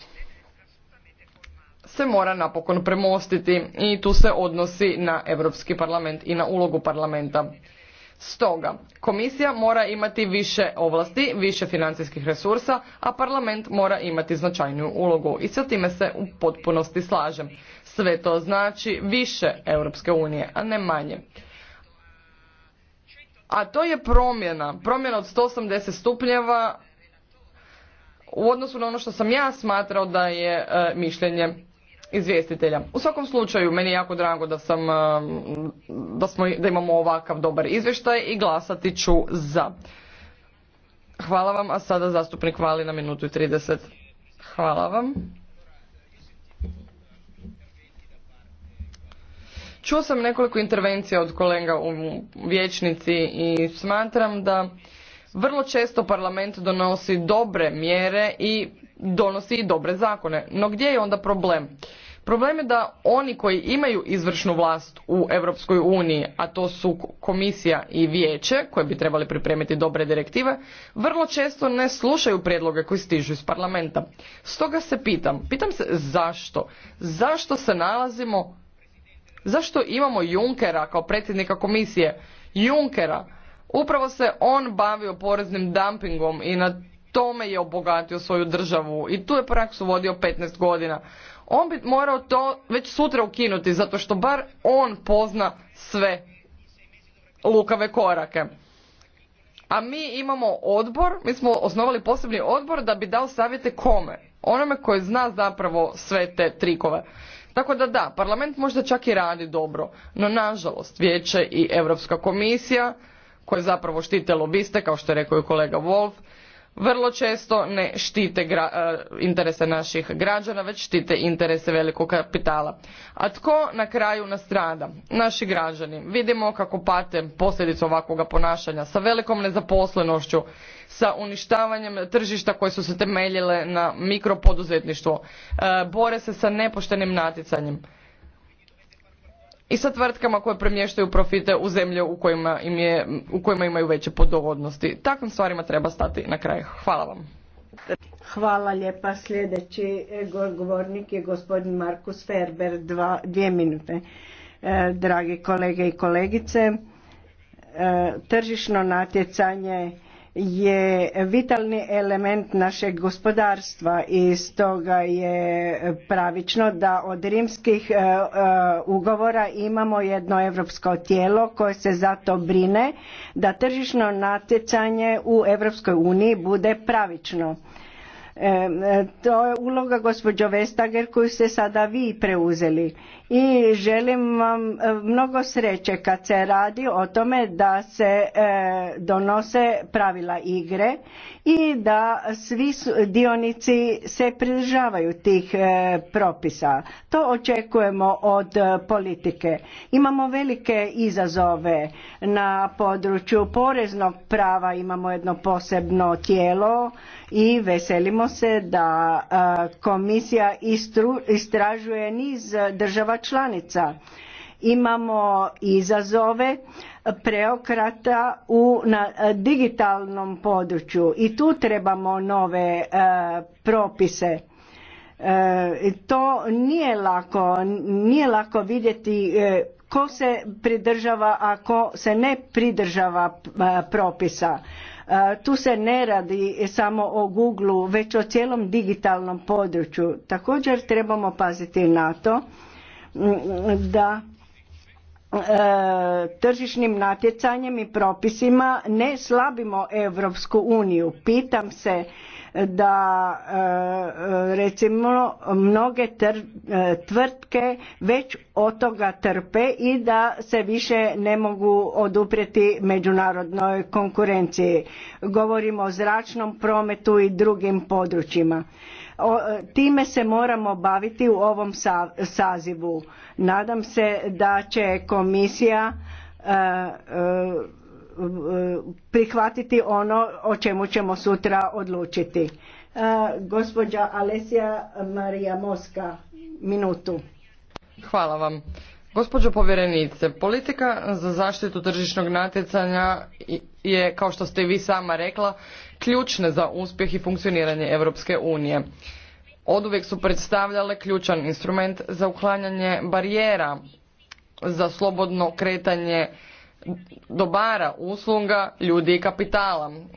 se mora napokon premostiti i tu se odnosi na Europski parlament i na ulogu parlamenta. Stoga, komisija mora imati više ovlasti, više financijskih resursa, a parlament mora imati značajniju ulogu i sa time se u potpunosti slažem. Sve to znači više Europske unije, a ne manje. A to je promjena, promjena od 180 stupnjeva u odnosu na ono što sam ja smatrao da je e, mišljenje izvjestitelja. U svakom slučaju, meni je jako drago da, sam, e, da, smo, da imamo ovakav dobar izvještaj i glasati ću za. Hvala vam, a sada zastupnik Vali na minutu i 30. Hvala vam. Čuo sam nekoliko intervencija od kolega u vječnici i smatram da vrlo često parlament donosi dobre mjere i donosi i dobre zakone. No gdje je onda problem? Problem je da oni koji imaju izvršnu vlast u Europskoj uniji, a to su komisija i vijeće, koje bi trebali pripremiti dobre direktive, vrlo često ne slušaju prijedloge koji stižu iz parlamenta. Stoga se pitam, pitam se zašto? Zašto se nalazimo, zašto imamo Junkera kao predsjednika komisije? Junkera, upravo se on bavio poreznim dumpingom i na tome je obogatio svoju državu i tu je praksu vodio 15 godina. On bi morao to već sutra ukinuti zato što bar on pozna sve lukave korake. A mi imamo odbor, mi smo osnovali posebni odbor da bi dao savjete kome? Onome koji zna zapravo sve te trikove. Tako da da, parlament možda čak i radi dobro, no nažalost vijeće i Europska komisija koje zapravo štite lobiste, kao što je rekao i kolega Wolf, vrlo često ne štite e, interese naših građana, već štite interese velikog kapitala. A tko na kraju nastrada? Naši građani. Vidimo kako pate posljedicu ovakvog ponašanja sa velikom nezaposlenošću, sa uništavanjem tržišta koje su se temeljile na mikropoduzetništvo. E, bore se sa nepoštenim natjecanjem i sa tvrtkama koje premještaju profite u zemlje u kojima, u kojima imaju veće podovodnosti. Takvim stvarima treba stati na kraj. Hvala vam. Hvala lijepa. Sljedeći e, govornik je gospodin Markus Ferber, dva, dvije minute. E, dragi kolege i kolegice, e, tržišno natjecanje je vitalni element našeg gospodarstva i stoga je pravično da od rimskih e, e, ugovora imamo jedno europsko tijelo koje se zato brine da tržišno natjecanje u Europskoj uniji bude pravično. E, to je uloga gospođo Vestager koju ste sada vi preuzeli i želim vam e, mnogo sreće kad se radi o tome da se e, donose pravila igre i da svi dionici se pridržavaju tih e, propisa. To očekujemo od politike. Imamo velike izazove na području poreznog prava, imamo jedno posebno tijelo i veselimo se da komisija istražuje niz država članica. Imamo izazove preokrata u na digitalnom području i tu trebamo nove e, propise. E, to nije lako, nije lako vidjeti e, ko se pridržava, a ko se ne pridržava e, propisa. Tu se ne radi samo o Googlu, već o cijelom digitalnom području. Također trebamo paziti na to da e, tržišnim natjecanjem i propisima ne slabimo Europsku uniju. Pitam se da e, recimo mnoge e, tvrtke već od toga trpe i da se više ne mogu oduprijeti međunarodnoj konkurenciji. Govorimo o zračnom prometu i drugim područjima E, time se moramo baviti u ovom sazivu. Nadam se da će komisija e, e, prihvatiti ono o čemu ćemo sutra odlučiti. gospođa Alesija Marija Moska, minutu. Hvala vam. Gospođo povjerenice, politika za zaštitu tržišnog natjecanja je, kao što ste i vi sama rekla, ključne za uspjeh i funkcioniranje Europske unije. Oduvijek su predstavljale ključan instrument za uklanjanje barijera za slobodno kretanje dobara, usluga, ljudi i kapitala. E,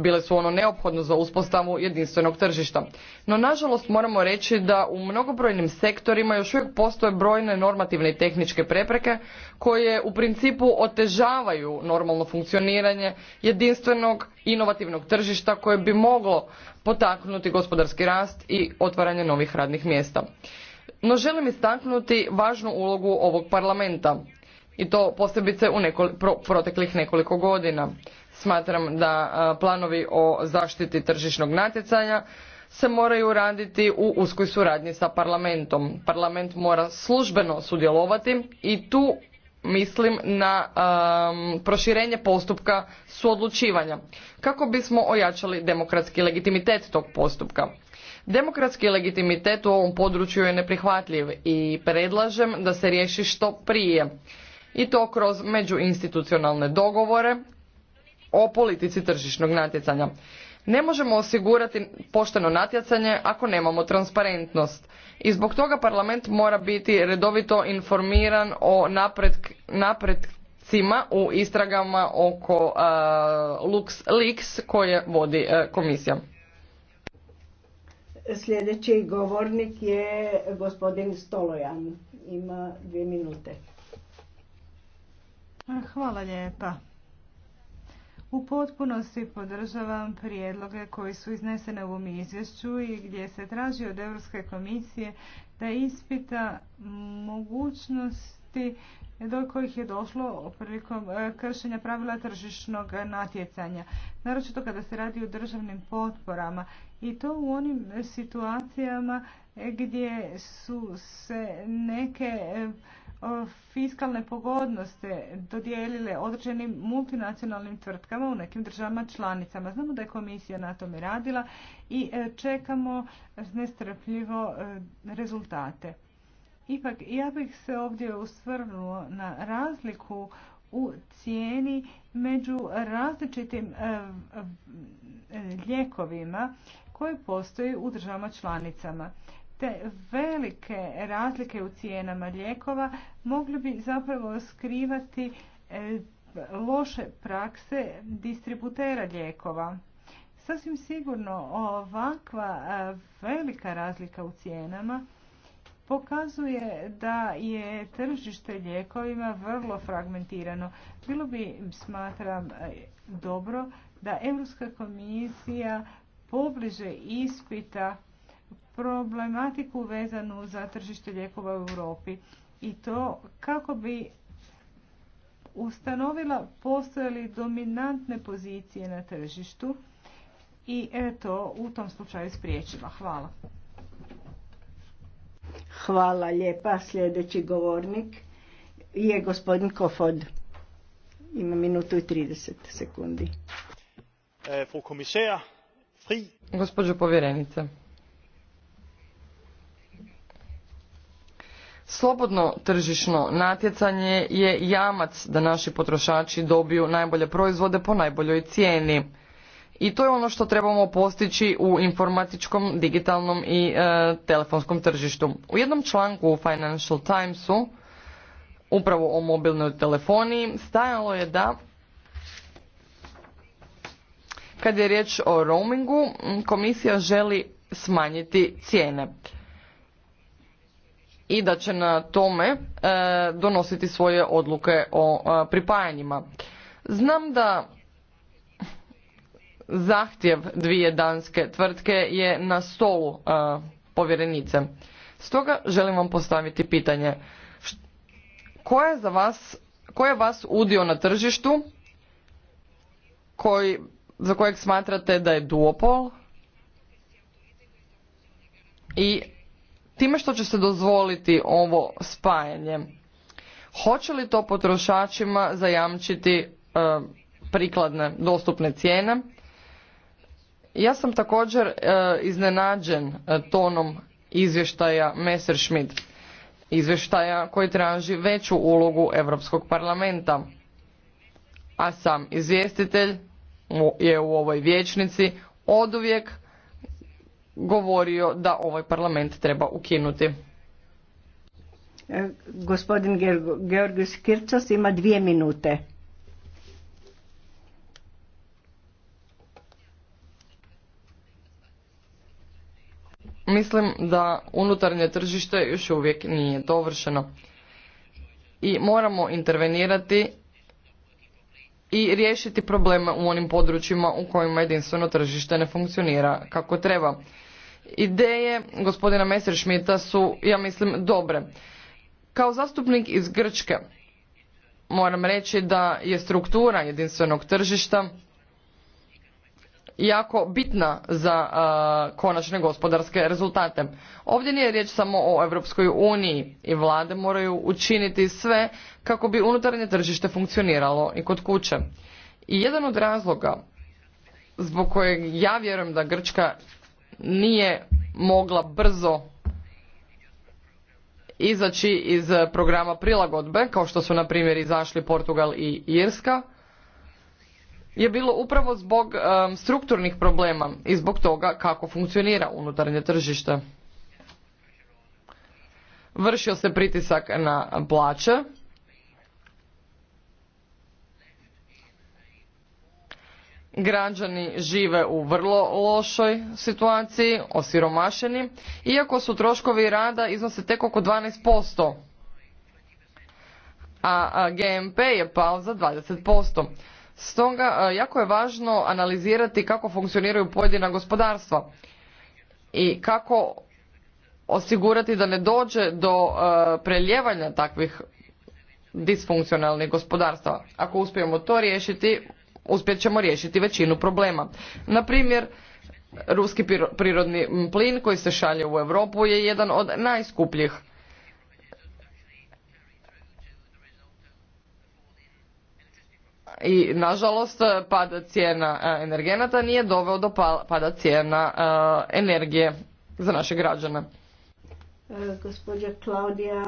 bile su ono neophodno za uspostavu jedinstvenog tržišta. No, nažalost, moramo reći da u mnogobrojnim sektorima još uvijek postoje brojne normativne i tehničke prepreke koje u principu otežavaju normalno funkcioniranje jedinstvenog inovativnog tržišta koje bi moglo potaknuti gospodarski rast i otvaranje novih radnih mjesta. No želim istaknuti važnu ulogu ovog parlamenta i to posebice u proteklih nekoliko godina. Smatram da planovi o zaštiti tržišnog natjecanja se moraju raditi u uskoj suradnji sa parlamentom. Parlament mora službeno sudjelovati i tu mislim na proširenje postupka suodlučivanja kako bismo ojačali demokratski legitimitet tog postupka. Demokratski legitimitet u ovom području je neprihvatljiv i predlažem da se riješi što prije i to kroz međuinstitucionalne dogovore o politici tržišnog natjecanja. Ne možemo osigurati pošteno natjecanje ako nemamo transparentnost i zbog toga parlament mora biti redovito informiran o napretcima u istragama oko lux leaks koje vodi komisija. Sljedeći govornik je gospodin Stolojan. Ima dvije minute. Hvala lijepa. U potpunosti podržavam prijedloge koji su iznesene u ovom izvješću i gdje se traži od Europske komisije da ispita mogućnosti do kojih je došlo prilikom e, kršenja pravila tržišnog natjecanja, naročito kada se radi o državnim potporama i to u onim situacijama gdje su se neke fiskalne pogodnosti dodijelile određenim multinacionalnim tvrtkama u nekim državama članicama. Znamo da je komisija na tome radila i e, čekamo nestrpljivo e, rezultate. Ipak, ja bih se ovdje usvrnula na razliku u cijeni među različitim e, lijekovima koje postoji u državama članicama te velike razlike u cijenama lijekova mogli bi zapravo skrivati e, loše prakse distributera lijekova. Sasvim sigurno ovakva e, velika razlika u cijenama pokazuje da je tržište lijekovima vrlo fragmentirano. Bilo bi, smatram, e, dobro da Europska komisija pobliže ispita problematiku vezanu za tržište lijekova u Europi i to kako bi ustanovila postoje li dominantne pozicije na tržištu i eto u tom slučaju spriječila. Hvala. Hvala lijepa. Sljedeći govornik je gospodin Kofod. Ima minutu i 30 sekundi. Eh, fru komisija, fri. povjerenice, Slobodno tržišno natjecanje je jamac da naši potrošači dobiju najbolje proizvode po najboljoj cijeni. I to je ono što trebamo postići u informatičkom, digitalnom i e, telefonskom tržištu. U jednom članku u Financial Timesu, upravo o mobilnoj telefoniji, stajalo je da kad je riječ o roamingu, komisija želi smanjiti cijene i da će na tome e, donositi svoje odluke o e, pripajanjima. Znam da zahtjev dvije danske tvrtke je na stolu e, povjerenice. Stoga želim vam postaviti pitanje. koje je za vas, koje vas udio na tržištu koji, za kojeg smatrate da je duopol i time što će se dozvoliti ovo spajanje hoće li to potrošačima zajamčiti e, prikladne dostupne cijene ja sam također e, iznenađen e, tonom izvještaja Messerschmidt izvještaja koji traži veću ulogu Europskog parlamenta a sam izvjestitelj je u ovoj vijećnici oduvijek govorio da ovaj parlament treba ukinuti. E, gospodin Georgius ima dvije minute. Mislim da unutarnje tržište još uvijek nije dovršeno i moramo intervenirati i riješiti probleme u onim područjima u kojima jedinstveno tržište ne funkcionira kako treba. Ideje gospodina Messerschmitta su, ja mislim, dobre. Kao zastupnik iz Grčke moram reći da je struktura jedinstvenog tržišta jako bitna za konačne gospodarske rezultate. Ovdje nije riječ samo o Europskoj uniji i vlade moraju učiniti sve kako bi unutarnje tržište funkcioniralo i kod kuće. I jedan od razloga zbog kojeg ja vjerujem da Grčka nije mogla brzo izaći iz programa prilagodbe, kao što su na primjer izašli Portugal i Irska, je bilo upravo zbog strukturnih problema i zbog toga kako funkcionira unutarnje tržište. Vršio se pritisak na plaće, građani žive u vrlo lošoj situaciji, osiromašeni, iako su troškovi rada iznose tek oko 12%, a GMP je pao za 20%. Stoga jako je važno analizirati kako funkcioniraju pojedina gospodarstva i kako osigurati da ne dođe do preljevanja takvih disfunkcionalnih gospodarstava. Ako uspijemo to riješiti, uspjet ćemo riješiti većinu problema. Na primjer, ruski prirodni plin koji se šalje u Europu je jedan od najskupljih. I nažalost pada cijena e, energenata nije doveo do pa-, pada cijena e, energije za naše građane. E, gospođa Klaudija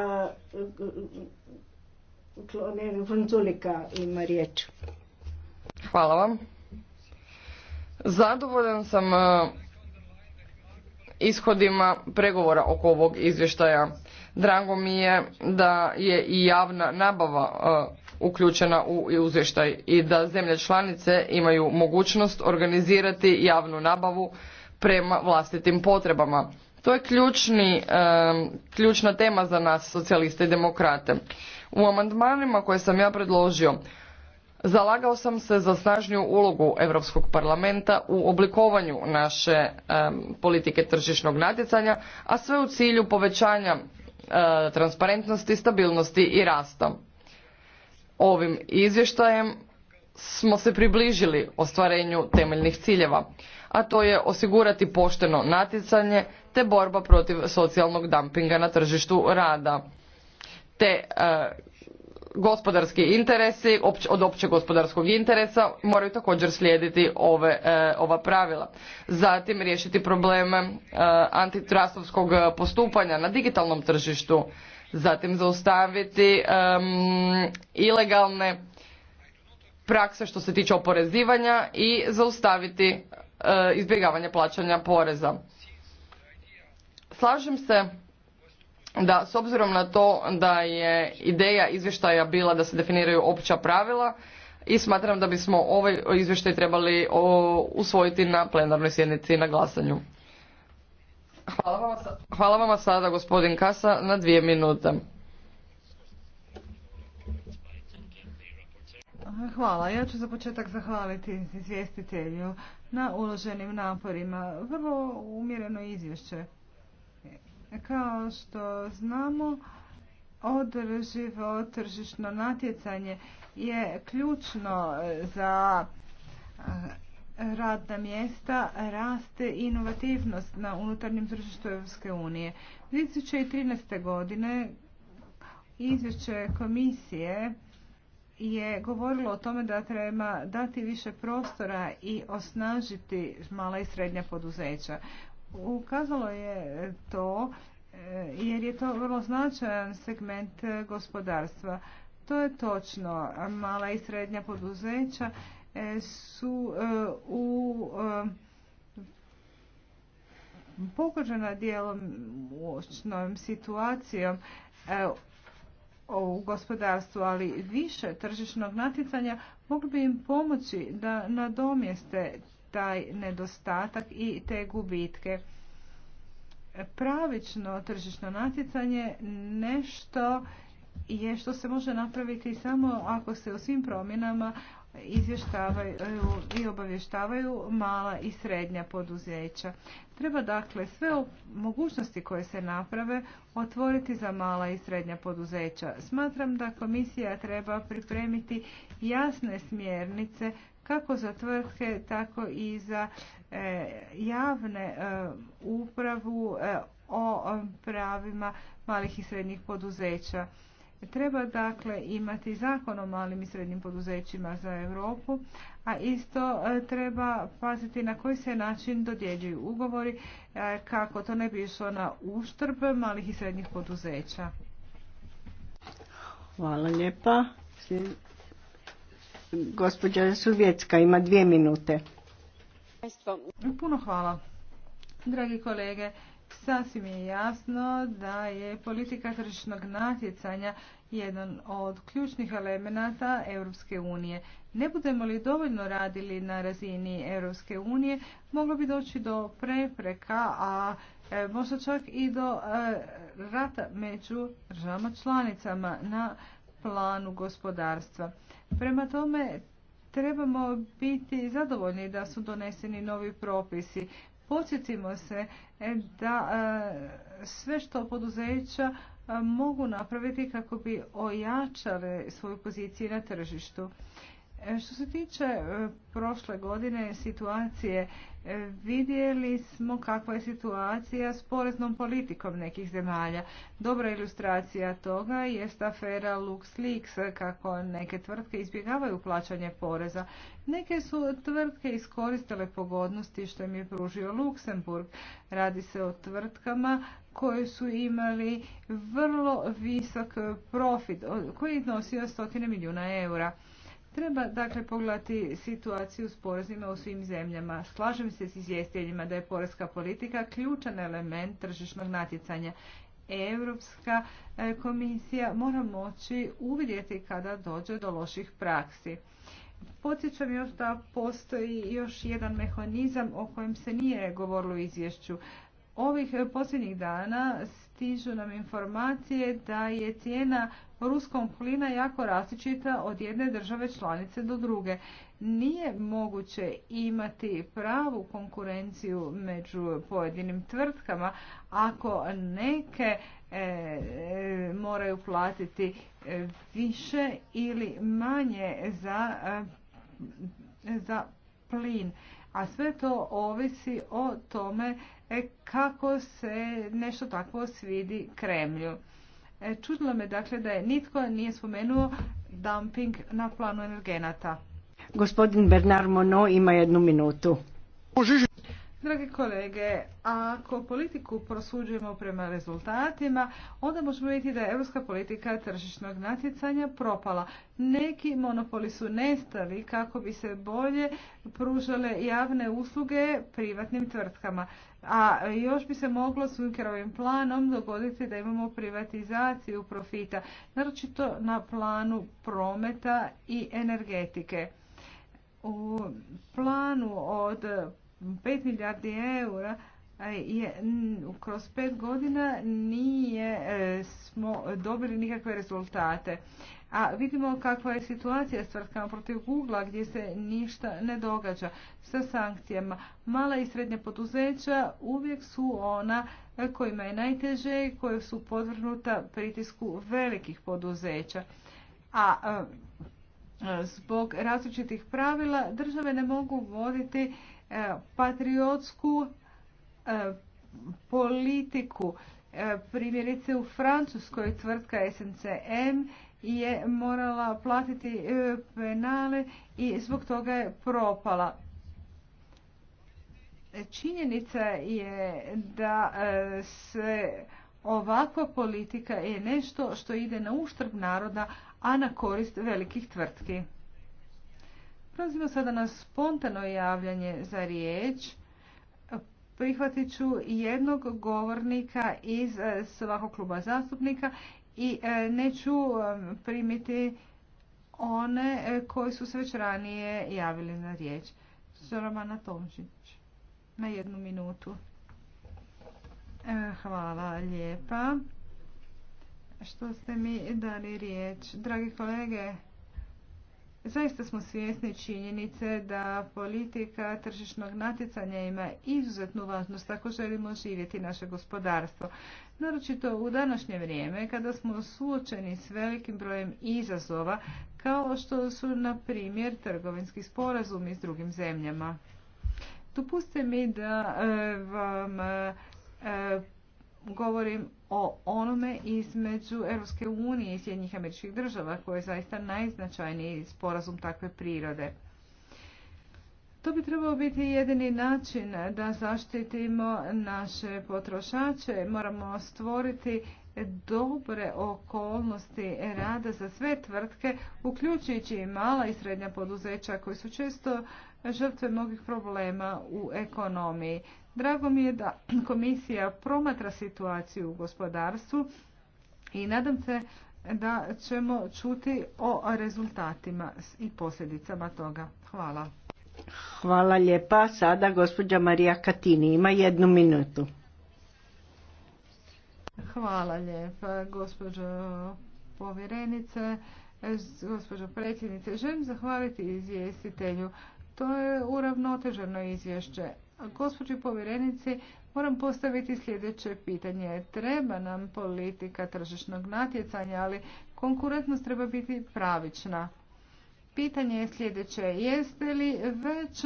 Klaudija Franculika ima riječ. Hvala vam. Zadovoljan sam e, ishodima pregovora oko ovog izvještaja. Drago mi je da je i javna nabava e, uključena u izvještaj i da zemlje članice imaju mogućnost organizirati javnu nabavu prema vlastitim potrebama. To je ključni, e, ključna tema za nas socijaliste i demokrate. U amandmanima koje sam ja predložio Zalagao sam se za snažniju ulogu Europskog parlamenta u oblikovanju naše politike tržišnog natjecanja, a sve u cilju povećanja transparentnosti, stabilnosti i rasta. Ovim izvještajem smo se približili ostvarenju temeljnih ciljeva, a to je osigurati pošteno natjecanje te borba protiv socijalnog dumpinga na tržištu rada, te gospodarski interesi od općeg gospodarskog interesa moraju također slijediti ove, e, ova pravila. Zatim riješiti probleme e, antitrustovskog antitrastovskog postupanja na digitalnom tržištu, zatim zaustaviti ilegalne prakse što se tiče oporezivanja i zaustaviti e, izbjegavanje plaćanja poreza. Slažem se da s obzirom na to da je ideja izvještaja bila da se definiraju opća pravila i smatram da bismo ovaj izvještaj trebali usvojiti na plenarnoj sjednici na glasanju. Hvala vam, hvala vam sada gospodin Kasa na dvije minute. Hvala. Ja ću za početak zahvaliti izvjestitelju na uloženim naporima. Vrlo umjereno izvješće. Kao što znamo, održivo tržišno natjecanje je ključno za eh, radna mjesta, raste inovativnost na unutarnjem tržištu Europske unije. 2013. godine izvješće komisije je govorilo o tome da treba dati više prostora i osnažiti mala i srednja poduzeća. Ukazalo je to e, jer je to vrlo značajan segment e, gospodarstva. To je točno. Mala i srednja poduzeća e, su u pogođena dijelom uočnom situacijom u gospodarstvu, ali više tržišnog natjecanja mogli bi im pomoći da nadomjeste taj nedostatak i te gubitke. Pravično tržišno natjecanje nešto je što se može napraviti samo ako se u svim promjenama izvještavaju i obavještavaju mala i srednja poduzeća. Treba dakle sve mogućnosti koje se naprave otvoriti za mala i srednja poduzeća. Smatram da komisija treba pripremiti jasne smjernice kako za tvrtke, tako i za e, javne e, upravu e, o pravima malih i srednjih poduzeća. Treba dakle imati zakon o malim i srednjim poduzećima za Europu, a isto treba paziti na koji se način dodjeljuju ugovori kako to ne bi išlo na uštrb malih i srednjih poduzeća. Hvala lijepa. Gospođa Suvjetska ima dvije minute. Puno hvala. Dragi kolege, sasvim je jasno da je politika tržišnog natjecanja jedan od ključnih elemenata Europske unije. Ne budemo li dovoljno radili na razini Europske unije, moglo bi doći do prepreka, a e, možda čak i do e, rata među državama članicama na planu gospodarstva. Prema tome, trebamo biti zadovoljni da su doneseni novi propisi. Podsjetimo se e, da e, sve što poduzeća e, mogu napraviti kako bi ojačale svoju poziciju na tržištu. E, što se tiče e, prošle godine situacije, e, vidjeli smo kakva je situacija s poreznom politikom nekih zemalja. Dobra ilustracija toga je afera LuxLeaks, kako neke tvrtke izbjegavaju plaćanje poreza. Neke su tvrtke iskoristile pogodnosti što im je pružio Luksemburg. Radi se o tvrtkama koje su imali vrlo visok profit, koji je iznosio stotine milijuna eura. Treba dakle pogledati situaciju s porezima u svim zemljama. Slažem se s izvjestiteljima da je porezka politika ključan element tržišnog natjecanja. Europska e, komisija mora moći uvidjeti kada dođe do loših praksi. Podsjećam još da postoji još jedan mehanizam o kojem se nije govorilo u izvješću. Ovih posljednjih dana stižu nam informacije da je cijena ruskom plina jako različita od jedne države članice do druge. Nije moguće imati pravu konkurenciju među pojedinim tvrtkama ako neke e, moraju platiti e, više ili manje za, e, za plin. A sve to ovisi o tome kako se nešto takvo svidi Kremlju. E, čudilo me dakle da je nitko nije spomenuo dumping na planu energenata. Gospodin Bernard Monod ima jednu minutu. Dragi kolege, ako politiku prosuđujemo prema rezultatima, onda možemo vidjeti da je europska politika tržišnog natjecanja propala. Neki monopoli su nestali kako bi se bolje pružale javne usluge privatnim tvrtkama. A još bi se moglo s Junkerovim planom dogoditi da imamo privatizaciju profita, naročito na planu prometa i energetike. U planu od 5 milijardi eura je kroz pet godina nije e, smo dobili nikakve rezultate. A vidimo kakva je situacija s tvrtkama protiv Google gdje se ništa ne događa sa sankcijama. Mala i srednja poduzeća uvijek su ona e, kojima je najteže i koje su podvrnuta pritisku velikih poduzeća. A e, zbog različitih pravila države ne mogu voditi E, patriotsku e, politiku. E, primjerice u Francuskoj tvrtka SNCM je morala platiti penale i zbog toga je propala. Činjenica je da se ovakva politika je nešto što ide na uštrb naroda, a na korist velikih tvrtki. Prelazimo sada na spontano javljanje za riječ. Prihvatit ću jednog govornika iz eh, svakog kluba zastupnika i eh, neću eh, primiti one koji su se već ranije javili na riječ. Zoromana Tomčić, na jednu minutu. Hvala lijepa što ste mi dali riječ. Dragi kolege, Zaista smo svjesni činjenice da politika tržišnog natjecanja ima izuzetnu važnost ako želimo živjeti naše gospodarstvo. Naročito u današnje vrijeme kada smo suočeni s velikim brojem izazova kao što su na primjer trgovinski sporazumi s drugim zemljama. Dopustite mi da eh, vam eh, govorim o onome između Europske unije i Sjednjih američkih država koji je zaista najznačajniji sporazum takve prirode. To bi trebao biti jedini način da zaštitimo naše potrošače. Moramo stvoriti dobre okolnosti rada za sve tvrtke, uključujući i mala i srednja poduzeća koji su često žrtve mnogih problema u ekonomiji. Drago mi je da komisija promatra situaciju u gospodarstvu i nadam se da ćemo čuti o rezultatima i posljedicama toga. Hvala. Hvala lijepa. Sada gospođa Marija Katini ima jednu minutu. Hvala lijepa gospođo povjerenice, gospođo predsjednice. Želim zahvaliti izvjestitelju to je uravnoteženo izvješće. Gospođi povjerenici, moram postaviti sljedeće pitanje. Treba nam politika tržišnog natjecanja, ali konkurentnost treba biti pravična. Pitanje je sljedeće. Jeste li već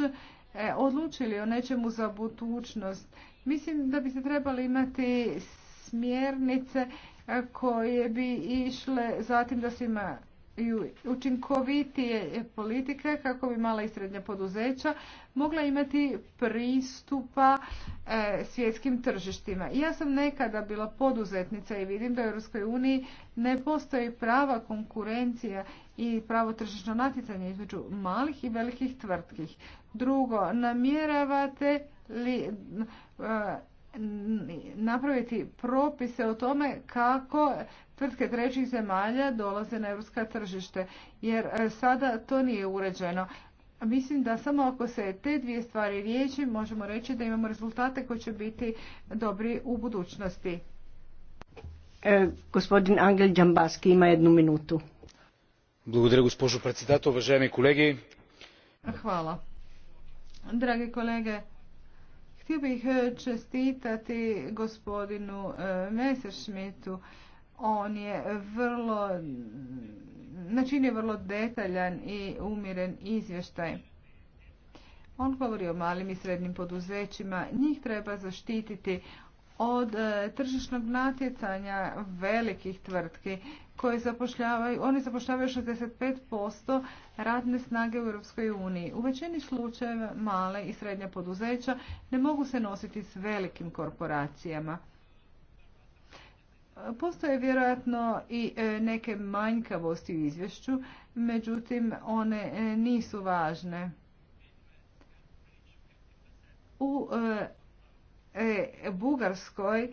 e, odlučili o nečemu za budućnost? Mislim da bi se trebali imati smjernice e, koje bi išle zatim da se ima i učinkovitije politike kako bi mala i srednja poduzeća mogla imati pristupa e, svjetskim tržištima. Ja sam nekada bila poduzetnica i vidim da u EU ne postoji prava konkurencija i pravo tržišno natjecanje između malih i velikih tvrtkih. Drugo, namjeravate li e, napraviti propise o tome kako tvrtke trećih zemalja dolaze na europska tržište, jer e, sada to nije uređeno. Mislim da samo ako se te dvije stvari riječi možemo reći da imamo rezultate koji će biti dobri u budućnosti. E, gospodin Angel Džambaski ima jednu minutu. Благодаря, госпожо председател, уважаеми колеги. Hvala. Drage kolege, Htio bih e, čestitati gospodinu e, Messerschmittu. On je vrlo, znači je vrlo detaljan i umiren izvještaj. On govori o malim i srednjim poduzećima. Njih treba zaštititi od e, tržišnog natjecanja velikih tvrtki koje zapošljavaju, oni zapošljavaju 65% radne snage u Europskoj uniji. U većini slučajeva male i srednja poduzeća ne mogu se nositi s velikim korporacijama. Postoje vjerojatno i e, neke manjkavosti u izvješću, međutim one e, nisu važne. U e, Bugarskoj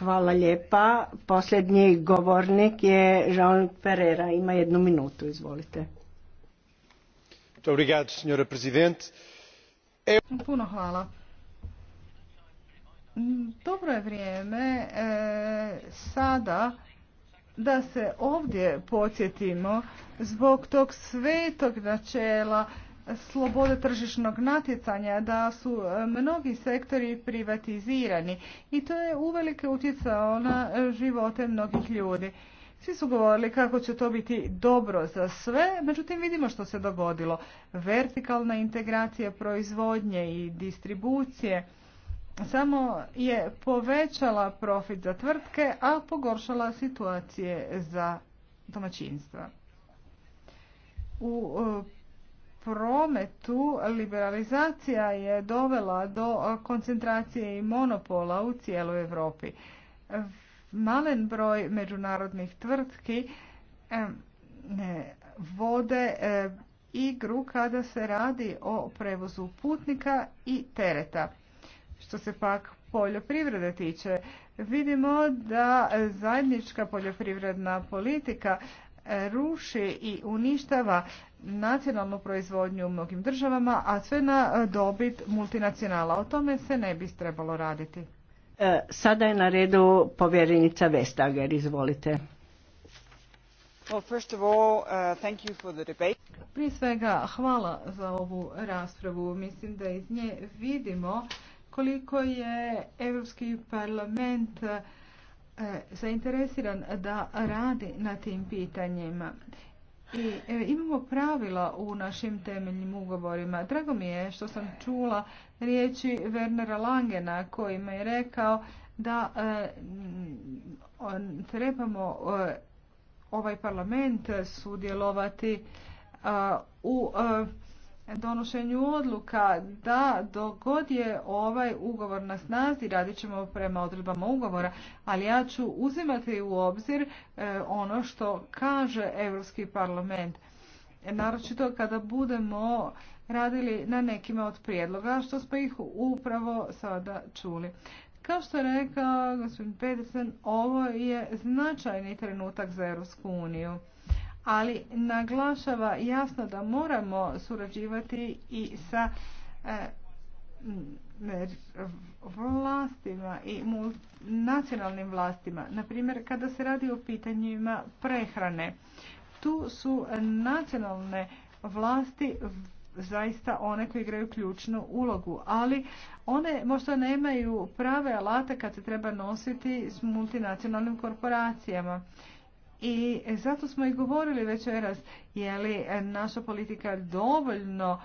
Hvala lijepa. Posljednji govornik je Jean Ferreira. Ima jednu minutu, izvolite. Puno hvala. Dobro je vrijeme e, sada da se ovdje podsjetimo zbog tog svetog načela slobode tržišnog natjecanja, da su e, mnogi sektori privatizirani i to je uvelike utjecao na e, živote mnogih ljudi. Svi su govorili kako će to biti dobro za sve, međutim vidimo što se dogodilo. Vertikalna integracija proizvodnje i distribucije samo je povećala profit za tvrtke, a pogoršala situacije za domaćinstva. U e, prometu liberalizacija je dovela do koncentracije i monopola u cijeloj Europi. Malen broj međunarodnih tvrtki vode igru kada se radi o prevozu putnika i tereta. Što se pak poljoprivrede tiče, vidimo da zajednička poljoprivredna politika ruši i uništava nacionalnu proizvodnju u mnogim državama, a sve na e, dobit multinacionala. O tome se ne bi trebalo raditi. E, sada je na redu povjerenica Vestager, izvolite. Prije svega hvala za ovu raspravu. Mislim da iz nje vidimo koliko je Europski parlament e, zainteresiran da radi na tim pitanjima. I e, imamo pravila u našim temeljnim ugovorima. Drago mi je što sam čula riječi Wernera Langena koji me je rekao da e, trebamo e, ovaj parlament sudjelovati u donošenju odluka da dogod je ovaj ugovor na snazi radit ćemo prema odredbama ugovora, ali ja ću uzimati u obzir e, ono što kaže Europski parlament. Naročito kada budemo radili na nekima od prijedloga što smo ih upravo sada čuli. Kao što je rekao gospodin Pedersen, ovo je značajni trenutak za Europsku uniju ali naglašava jasno da moramo surađivati i sa e, vlastima i nacionalnim vlastima. Naprimjer, kada se radi o pitanjima prehrane, tu su nacionalne vlasti zaista one koje igraju ključnu ulogu, ali one možda nemaju prave alate kad se treba nositi s multinacionalnim korporacijama i zato smo i govorili večeras je li e, naša politika dovoljno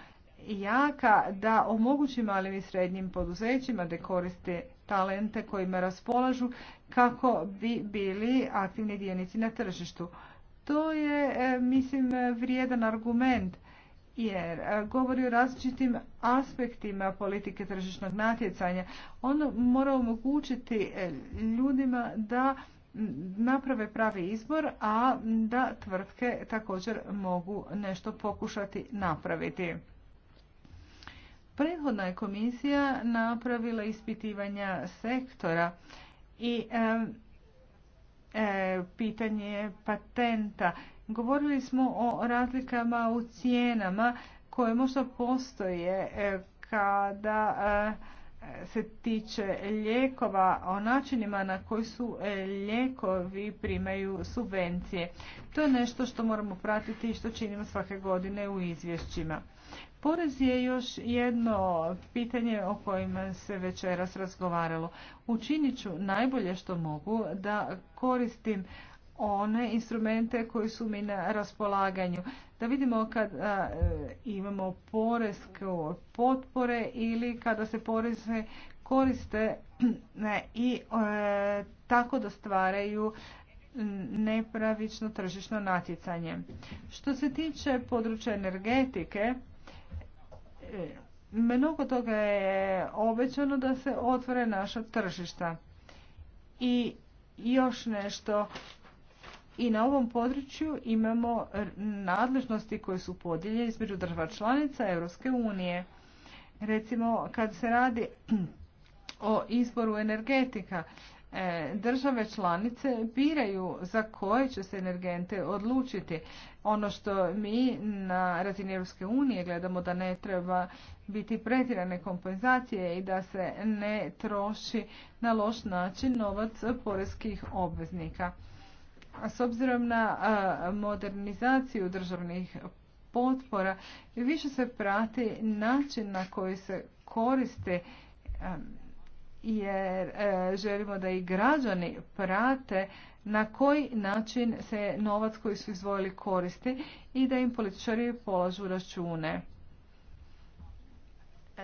jaka da omogući malim i srednjim poduzećima da koriste talente kojima raspolažu kako bi bili aktivni dionici na tržištu. To je, e, mislim, vrijedan argument jer e, govori o različitim aspektima politike tržišnog natjecanja. Ono mora omogućiti ljudima da naprave pravi izbor, a da tvrtke također mogu nešto pokušati napraviti. Prethodna je komisija napravila ispitivanja sektora i e, pitanje patenta. Govorili smo o razlikama u cijenama koje možda postoje e, kada se tiče lijekova, o načinima na koji su e, lijekovi primaju subvencije. To je nešto što moramo pratiti i što činimo svake godine u izvješćima. Porez je još jedno pitanje o kojima se večeras razgovaralo. Učinit ću najbolje što mogu da koristim one instrumente koji su mi na raspolaganju da vidimo kada e, imamo porezke potpore ili kada se poreze koriste [CLEARS THROAT] i e, tako da stvaraju nepravično tržišno natjecanje. Što se tiče područja energetike, e, mnogo toga je obećano da se otvore naša tržišta. I još nešto, i na ovom području imamo nadležnosti koje su podijeljene između država članica Europske unije. Recimo kad se radi [CLEARS THROAT] o izboru energetika, e, države članice biraju za koje će se energente odlučiti. Ono što mi na razini Europske unije gledamo da ne treba biti pretirane kompenzacije i da se ne troši na loš način novac porezkih obveznika. S obzirom na modernizaciju državnih potpora, više se prati način na koji se koriste jer e, želimo da i građani prate na koji način se novac koji su izvojili koristi i da im političari polažu račune.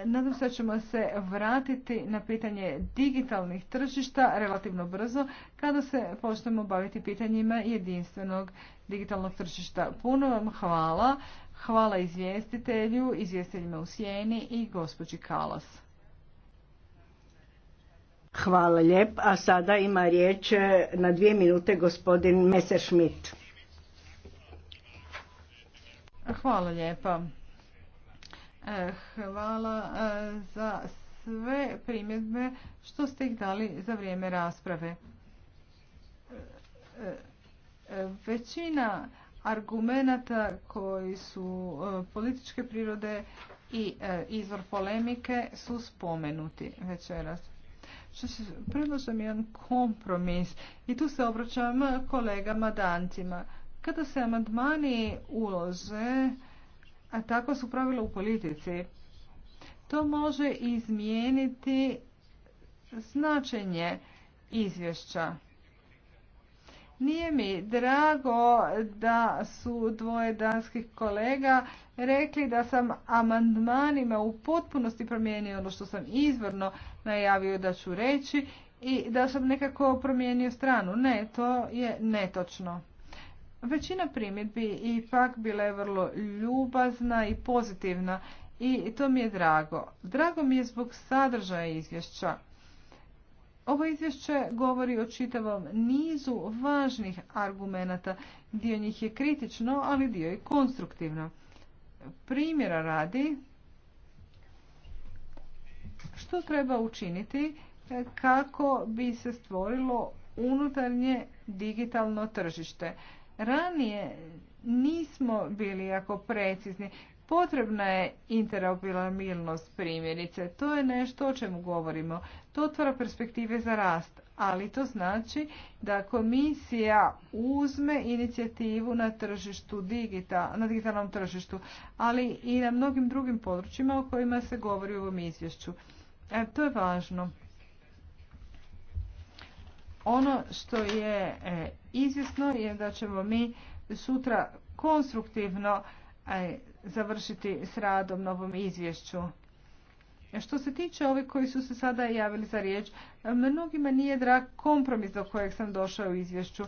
Nadam se da ćemo se vratiti na pitanje digitalnih tržišta relativno brzo kada se počnemo baviti pitanjima jedinstvenog digitalnog tržišta. Puno vam hvala. Hvala izvjestitelju, izvjestiteljima u Sjeni i gospođi Kalas. Hvala lijep. A sada ima riječ e, na dvije minute gospodin Messerschmidt. Hvala lijepa. E, hvala e, za sve primjedbe što ste ih dali za vrijeme rasprave. E, većina argumenata koji su političke prirode i izvor polemike su spomenuti večeras. Što se predlažem jedan kompromis i tu se obraćam kolegama dancima. Kada se amandmani ulože, a tako su pravila u politici. To može izmijeniti značenje izvješća. Nije mi drago da su dvoje danskih kolega rekli da sam amandmanima u potpunosti promijenio ono što sam izvorno najavio da ću reći i da sam nekako promijenio stranu. Ne, to je netočno. Većina primjedbi ipak bila je vrlo ljubazna i pozitivna i to mi je drago. Drago mi je zbog sadržaja izvješća. Ovo izvješće govori o čitavom nizu važnih argumenata. Dio njih je kritično, ali dio i konstruktivno. Primjera radi što treba učiniti kako bi se stvorilo unutarnje digitalno tržište. Ranije nismo bili jako precizni. Potrebna je interoperabilnost primjerice. To je nešto o čemu govorimo. To otvara perspektive za rast, ali to znači da komisija uzme inicijativu na tržištu digital, na digitalnom tržištu, ali i na mnogim drugim područjima o kojima se govori u ovom izvješću. E, to je važno. Ono što je e, izvjesno je da ćemo mi sutra konstruktivno e, završiti s radom novom izvješću. Što se tiče ovih koji su se sada javili za riječ, mnogima nije drag kompromis do kojeg sam došao u izvješću.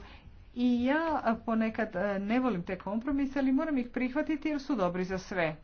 I ja ponekad e, ne volim te kompromise, ali moram ih prihvatiti jer su dobri za sve.